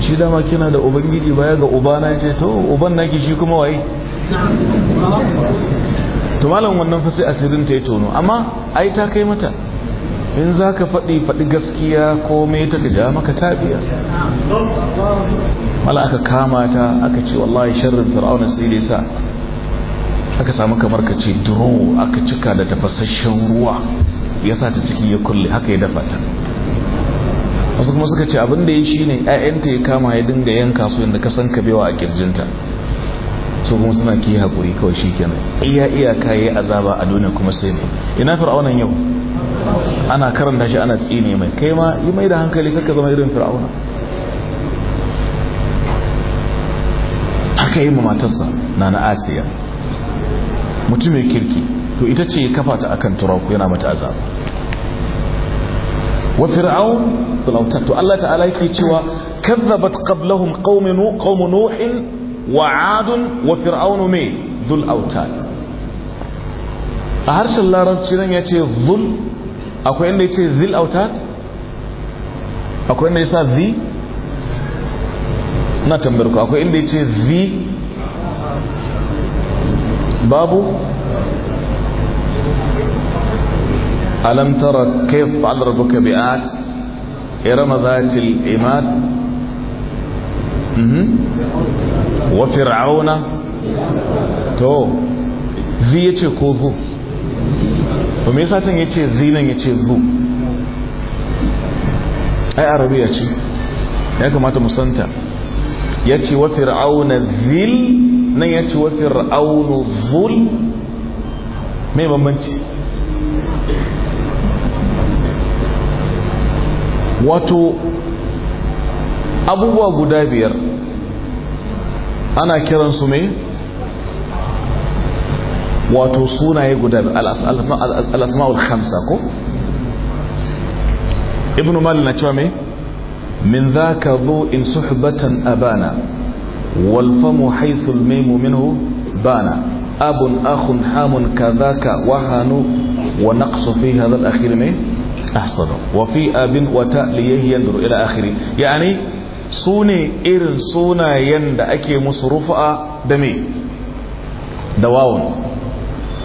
shi dama kina da ubangiji baya ga ubana ce to uban naki shi kuma waye to malam wannan fasai asirin ta yi tono amma ai ta kai mata in za ka faɗi faɗi gaskiya komai ta ja maka tabiya mala aka kama ta aka ce wallahi sharrin fir'auna sai dai sa aka samu kamar ka ce duro aka cika da tafasasshen ruwa ya sa ta ciki ya kulle haka ya dafa ta wasu kuma suka ce abin da ya shi ne 'ya'yanta ya kama ya dinga yanka su yadda ka san ka bewa a kirjinta su kuma suna ki haƙuri kawai shi kenan iya iya ya azaba a duniya kuma sai ne ina fir'aunan yau ana karanta shi ana tsine mai kai ma yi mai da hankali kakka zama irin fir'auna aka yi ma matarsa na na asiya mutumin kirki to ita ce kafa ta akan turaku yana mata azab wa fir'aun talautar to Allah ta'ala yake cewa kazzabat qablahum qaumun qaumun nuhin wa adun wa fir'aun me dhul a harshen larabci nan yace dhul akwai inda ya ce zil autad akwai inda ya sa zi na tambayar akwai inda ya ce zi babu alamtara tara kayf fa'al rabbuka bi'at irama dhatil imad mhm. wa fir'auna to zi yace ko zu to me yasa can ce zinan ce zu ai arabiya ce ya kamata mu santa ce wa fir'auna zil nan ce wa fir'aunu zul mai bambanci wato abubuwa guda biyar ana kiransu mai wato sunaye guda al'asma'ul khamsa ko ibn malik na cewa me min dhaka dhu in suhbatan abana wal famu haythu al maimu minhu bana abun akhun hamun kadhaka wahanu wa naqsu fi hadha al akhir me ahsanu wa fi abin wa ta liyahi yanzuru ila akhiri yani sune irin sunayen da ake musu rufa da me da wawun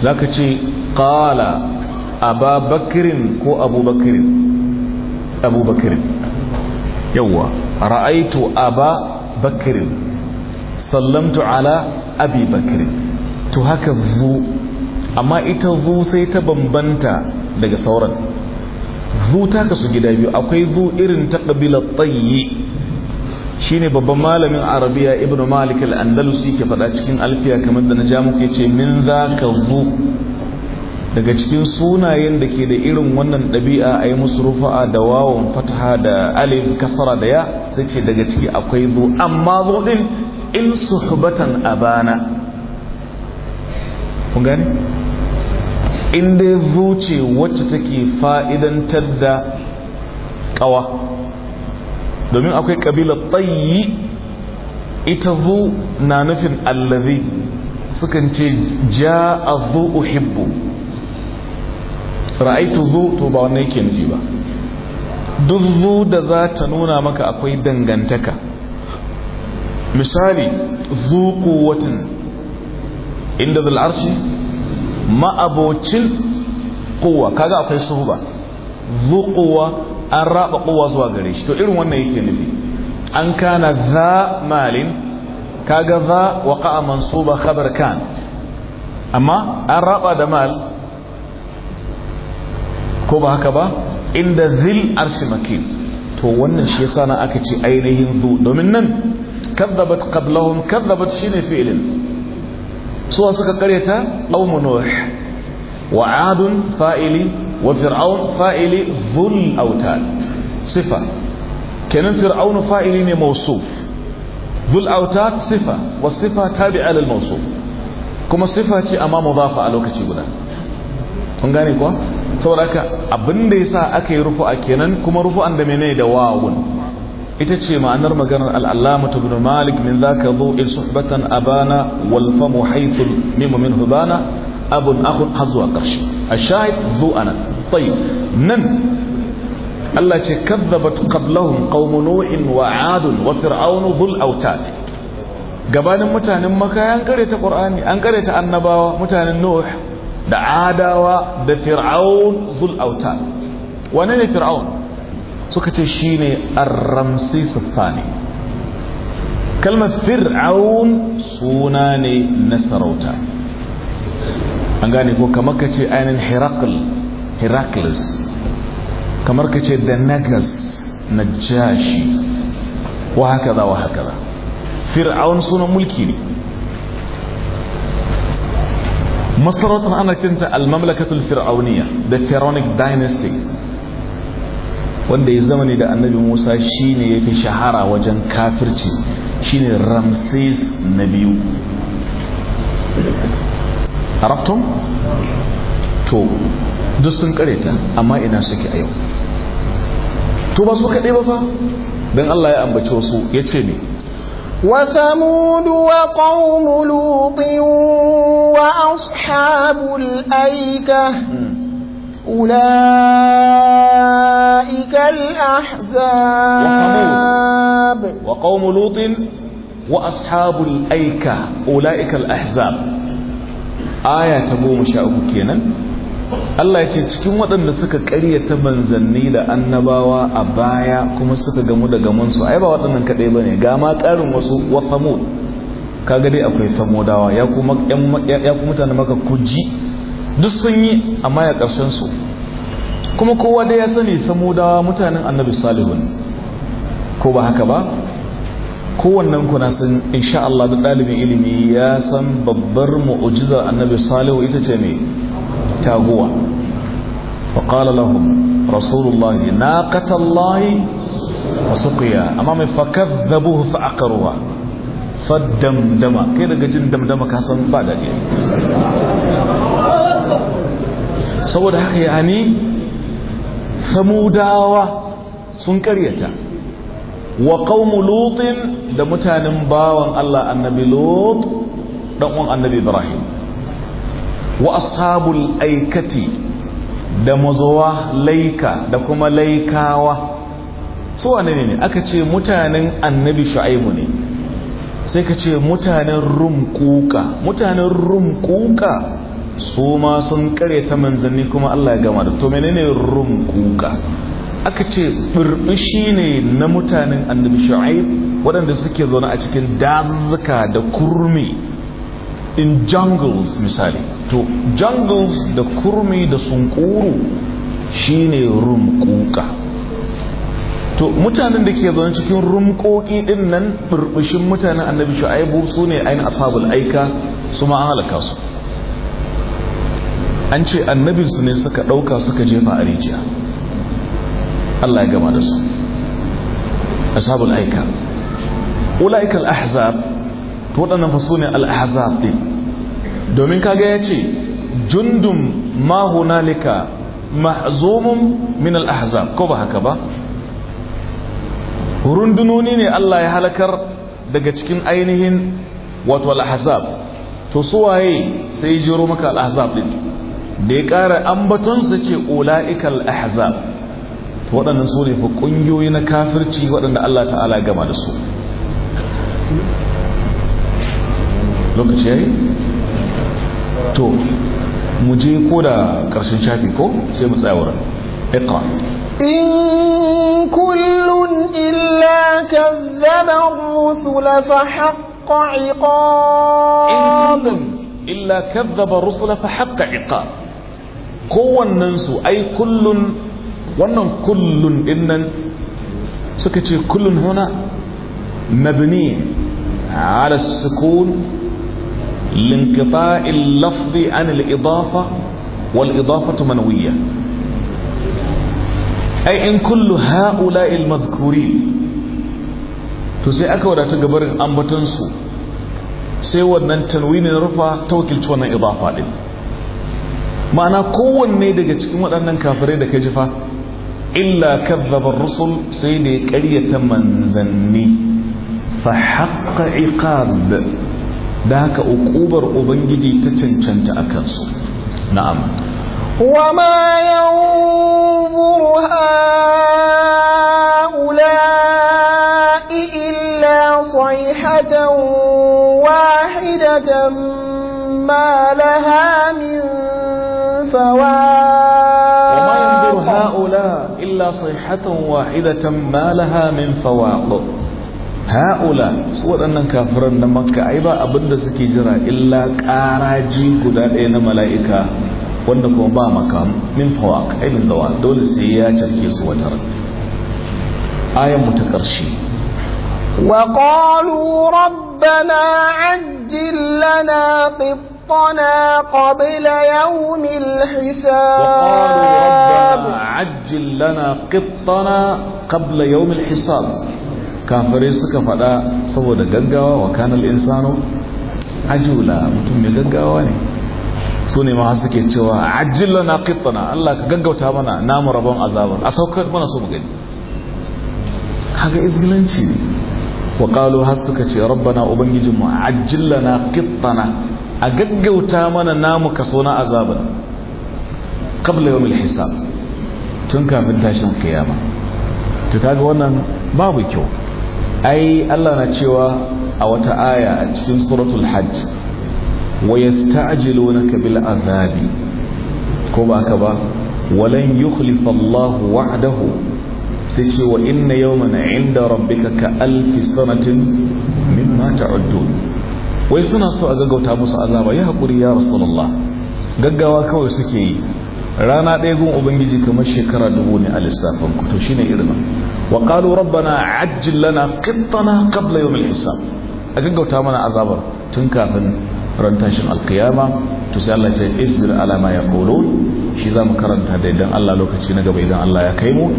za ka ce ƙala ababakirin ko abubakirin abubakirin yawwa ra'aitu ababakirin sallamtu ala abibakirin to haka zu amma ita zu sai ta bambanta daga sauran zu ta kasu gida biyu akwai zu irin ta ƙabilar tsayi shine babban malamin arabiya ibnu malik al-andalusi ke faɗa cikin alfiya kamar da na ja muku yace min ka zu daga cikin sunayen da ke da irin wannan ɗabi'a a yi musu rufa'a da wawon fataha da alif kasara da ya sai ce daga ciki akwai zo, amma zo ɗin in suhbatan abana kun gane in dai zuce wacce take fa'idantar da ƙawa domin akwai ƙabilar tsayi ita zu na nufin allazi sukan ce ja a zu uhibbu ra'aitu zu to ba wannan yake nufi ba duk zu da za ta nuna maka akwai dangantaka misali zu kuwatin inda zal'arshi ma'abocin kowa kaga akwai suhuba zu kowa an raba kowa zuwa gare shi to irin wannan yake nufi an kana za malin kaga za waqa'a mansuba khabar kan amma an raba da mal ko ba haka ba inda zil arshi makin to wannan shi yasa na aka ce ainihin zu domin nan kadzabat qablahum kadzabat shine fi'lin suwa suka karyata qaumun nuh wa adun fa'ili وفرعون فائل ذو الأوتاد صفة كان فرعون فائل موصوف ذو الأوتاد صفة والصفة تابعة للموصوف كما صفة أما مضافة على وكتي تنغاني كوا saboda haka abinda da yasa aka yi rufu'a kenan kuma rufu'an da menene da wawun ita ce ma'anar maganar al'allama ta bin malik min zaka zo in suhbatan abana wal min abun akun har zuwa ƙarshe a shahid zo nan tsayi nan Allah ce kazzabat qablahum qaumun nuhin wa adun wa fir'aunu dhul autad gabanin mutanen maka an kare ta qur'ani an kare ta annabawa mutanen nuh da adawa da fir'aun dhul autad wane ne fir'aun suka ce shine ar-ramsis thani kalmar fir'aun suna ne na sarauta an gane ko kamar ka ce ainihin heracles kamar ka ce da nagas na jashi wa haka za wa haka za fir'aun sunan mulki ne masarautar ana kinta al fir'auniya da pharaonic dynasty wanda ya zama ne da annabi musa shine ya fi shahara wajen kafirci shine ramses na biyu عرفتم تو دوستن قريتا اما اذا سكي ايو تو بسو كدي بفا دن الله يا fa don Allah وثمود وقوم لوط وأصحاب الأيكة أولئك الأحزاب وقوم لوط وأصحاب الأيكة أولئك الأحزاب aya ta goma sha uku kenan Allah ya ce cikin waɗanda suka ƙaryata manzanni da annabawa a baya kuma suka gamu da gamansu ai ba waɗannan kaɗai ba ne ga ma ƙarin wasu wa famud kaga dai akwai famodawa ya kuma ya kuma mutane maka kuji duk sun yi amma ya ƙarshen su kuma kowa dai ya sani famodawa mutanen annabi salihu ko ba haka ba kowannen ku na san insha Allah da ɗalibin ilimi ya san babbar mu'ujizar annabi salihu ita ce mai taguwa wa qala lahum rasulullahi naqatallahi wa suqiya amma mai fakadzabuhu fa aqruha faddamdama kai daga jin damdama ka san ba dadi saboda haka yani samudawa sun karyata wa qaumu lutin da mutanen bawan Allah annabi lut dan uwan annabi ibrahim wa ashabul aikati da mazuwa laika da kuma laikawa su wane ne aka ce mutanen annabi shu'aibu ne sai ka ce mutanen rum kuka mutanen rum kuka su ma sun kare ta manzanni kuma Allah ya gama da to menene rum kuka aka ce burbushi ne na mutanen annabi shu'aib waɗanda suke zaune a cikin dazuzzuka da kurmi in jungles misali to jungles da kurmi da sunkuru shine rumkuka to mutanen da ke zaune cikin rumkoki din nan burbushin mutanen annabi shu'aibu su ne ainihin ashabul aika su ma halaka su an ce annabinsu ne suka ɗauka suka jefa a rijiya Allah ya gama da su ashabul aika ulaikal ahzab to waɗannan fa sune al ahzab din domin kaga yace jundum ma hunalika mahzumum min al ahzab ko ba haka ba rundunoni ne Allah ya halakar daga cikin ainihin wato al ahzab to suwaye sai jiro maka al ahzab din da ya ƙara ambaton su ce ulaikal ahzab to waɗannan su ne fa ƙungiyoyi na kafirci waɗanda Allah ta'ala gama da su lokaci ya yi. to mu je ko da ƙarshen shafi ko sai mu tsaya wurin in kullun illa kazzaba rusula fa haqqa iqab illa kazzaba rusula fa haqqa iqab kowannen ai kullun wannan kullun dinnan suka ce kullun huna mabni ala sukun linqita'i lafzi an al-idafa wal idafatu manawiyya ay in kullu ha'ula'i al-madhkurin to sai aka wadata gabarin ambaton sai wannan tanwini na rufa tawakil tuwa na idafa din ma'ana kowanne daga cikin waɗannan kafirai da kai jifa إلا كذب الرسل سيدي كرية من زني فحق عقاب ذاك أكوبر أبنجي تتنشنت أكاسو نعم وما ينظر هؤلاء إلا صيحة واحدة ما لها من فوائد هؤلاء إلا صيحة واحدة ما لها من فواق هؤلاء سوى أن كافرين مكة أيضا أبدا سكيجرا إلا كاراجي قدر إن ملائكة وأنكم با مكان من فواق أي من زوال دول سيئة تركيز وتر آية متكرشي وقالوا ربنا عجل لنا قط قسطنا قبل يوم الحساب وقالوا ربنا عجل لنا قطنا قبل يوم الحساب kafirai suka faɗa saboda gaggawa wa kanal insano ajula mutum mai gaggawa ma suke cewa ajila na kittana Allah ka gaggauta mana namu rabon azabar a saukar mana su gani kaga izgilanci ne wa har suka ce rabbana ubangijinmu ajila na kittana a gaggauta mana namu ka na azaban qabla yawmil hisab tun kafin tashin kiyama ta kaga wannan babu kyau ai Allah na cewa a wata aya a cikin suratul hajj wa yasta'jilunaka bil azabi ko ba ka ba walan yukhlifa Allah wa'dahu sai ce wa inna yawman 'inda rabbika ka alfi sanatin mimma ta'udun wai suna so a gaggauta musu azaba ya haƙuri ya rasulullah gaggawa kawai suke yi rana ɗaya gun ubangiji kamar shekara dubu ne a lissafin ku to shine irin wa qalu rabbana ajjil lana qittana qabla yawm al-hisab a gaggauta mana azabar tun kafin ran tashin alkiyama to sai Allah ya ce isbir ala ma yaqulun shi zamu karanta da idan Allah lokaci na gaba idan Allah ya kai mu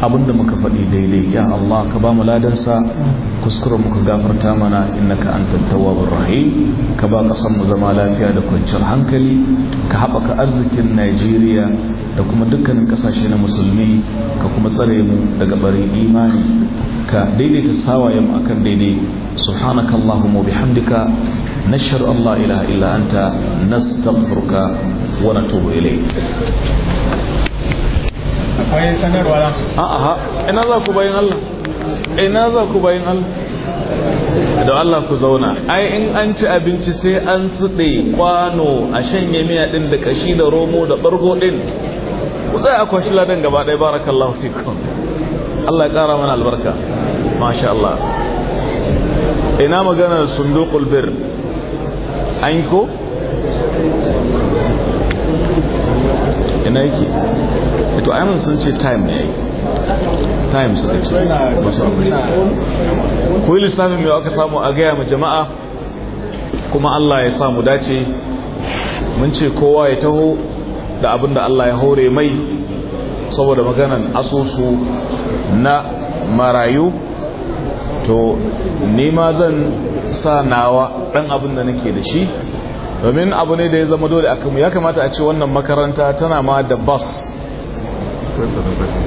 abinda muka faɗi daidai ya Allah ka ba mu ladansa kuskuren muka gafarta mana innaka antat tawwabur rahim ka ba kasan mu zama lafiya da kwanciyar hankali ka haɓaka arzikin Najeriya da kuma dukkanin ƙasashe na musulmi ka kuma tsare mu daga barin imani ka daidaita sawayen mu akan daidai subhanaka allahumma bihamdika nashhadu an la ilaha illa anta nastaghfiruka wa natubu ilayk akwai sanarwa ina za ku bayan Allah ina za ku Allah da Allah ku zauna ai in an ci abinci sai an suɗe kwano a shanye miya ɗin da kashi da romo da ɓargo ɗin ku tsaya a kwashi ladan gaba ɗaya barakallahu fikum Allah ya ƙara mana albarka masha Allah ina maganar sundukul bir an ko ina yake to ai mun sun ce time ne time su ce ba su mai aka samu a gaya ma jama'a kuma Allah ya mu dace mun ce kowa ya taho da abin da Allah ya hore mai saboda maganan asusu na marayu to nima zan sa nawa dan abin da nake da shi domin abu ne da ya zama dole akan ya kamata a ce wannan makaranta tana ma da bus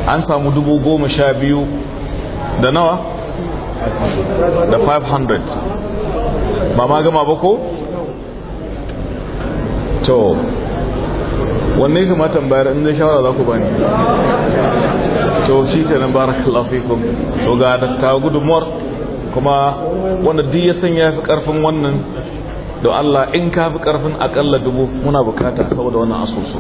an samu dubu goma sha biyu da nawa da 500 ba ma gama ba ko? to wanne kamata bayar inda shawara za ku bani to shi ke nan barakallahu ku? to ga ta gudunmuwar kuma wanda duk ya sanya fi karfin wannan da Allah in ka fi karfin akalla dubu muna bukata saboda wannan asusu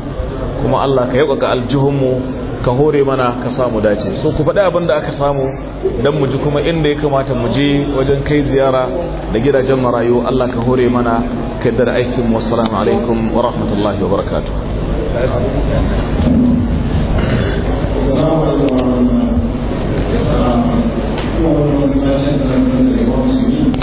kuma Allah ka yaƙaƙa aljihunmu ka hore mana ka samu dace so ku faɗi abin da aka samu don mu ji kuma inda ya kamata mu je wajen kai ziyara da gidajen marayu Allah ka hore mana ka da aikin wassalamu alaikum wa rahmatullahi wa barakatuh Thank you.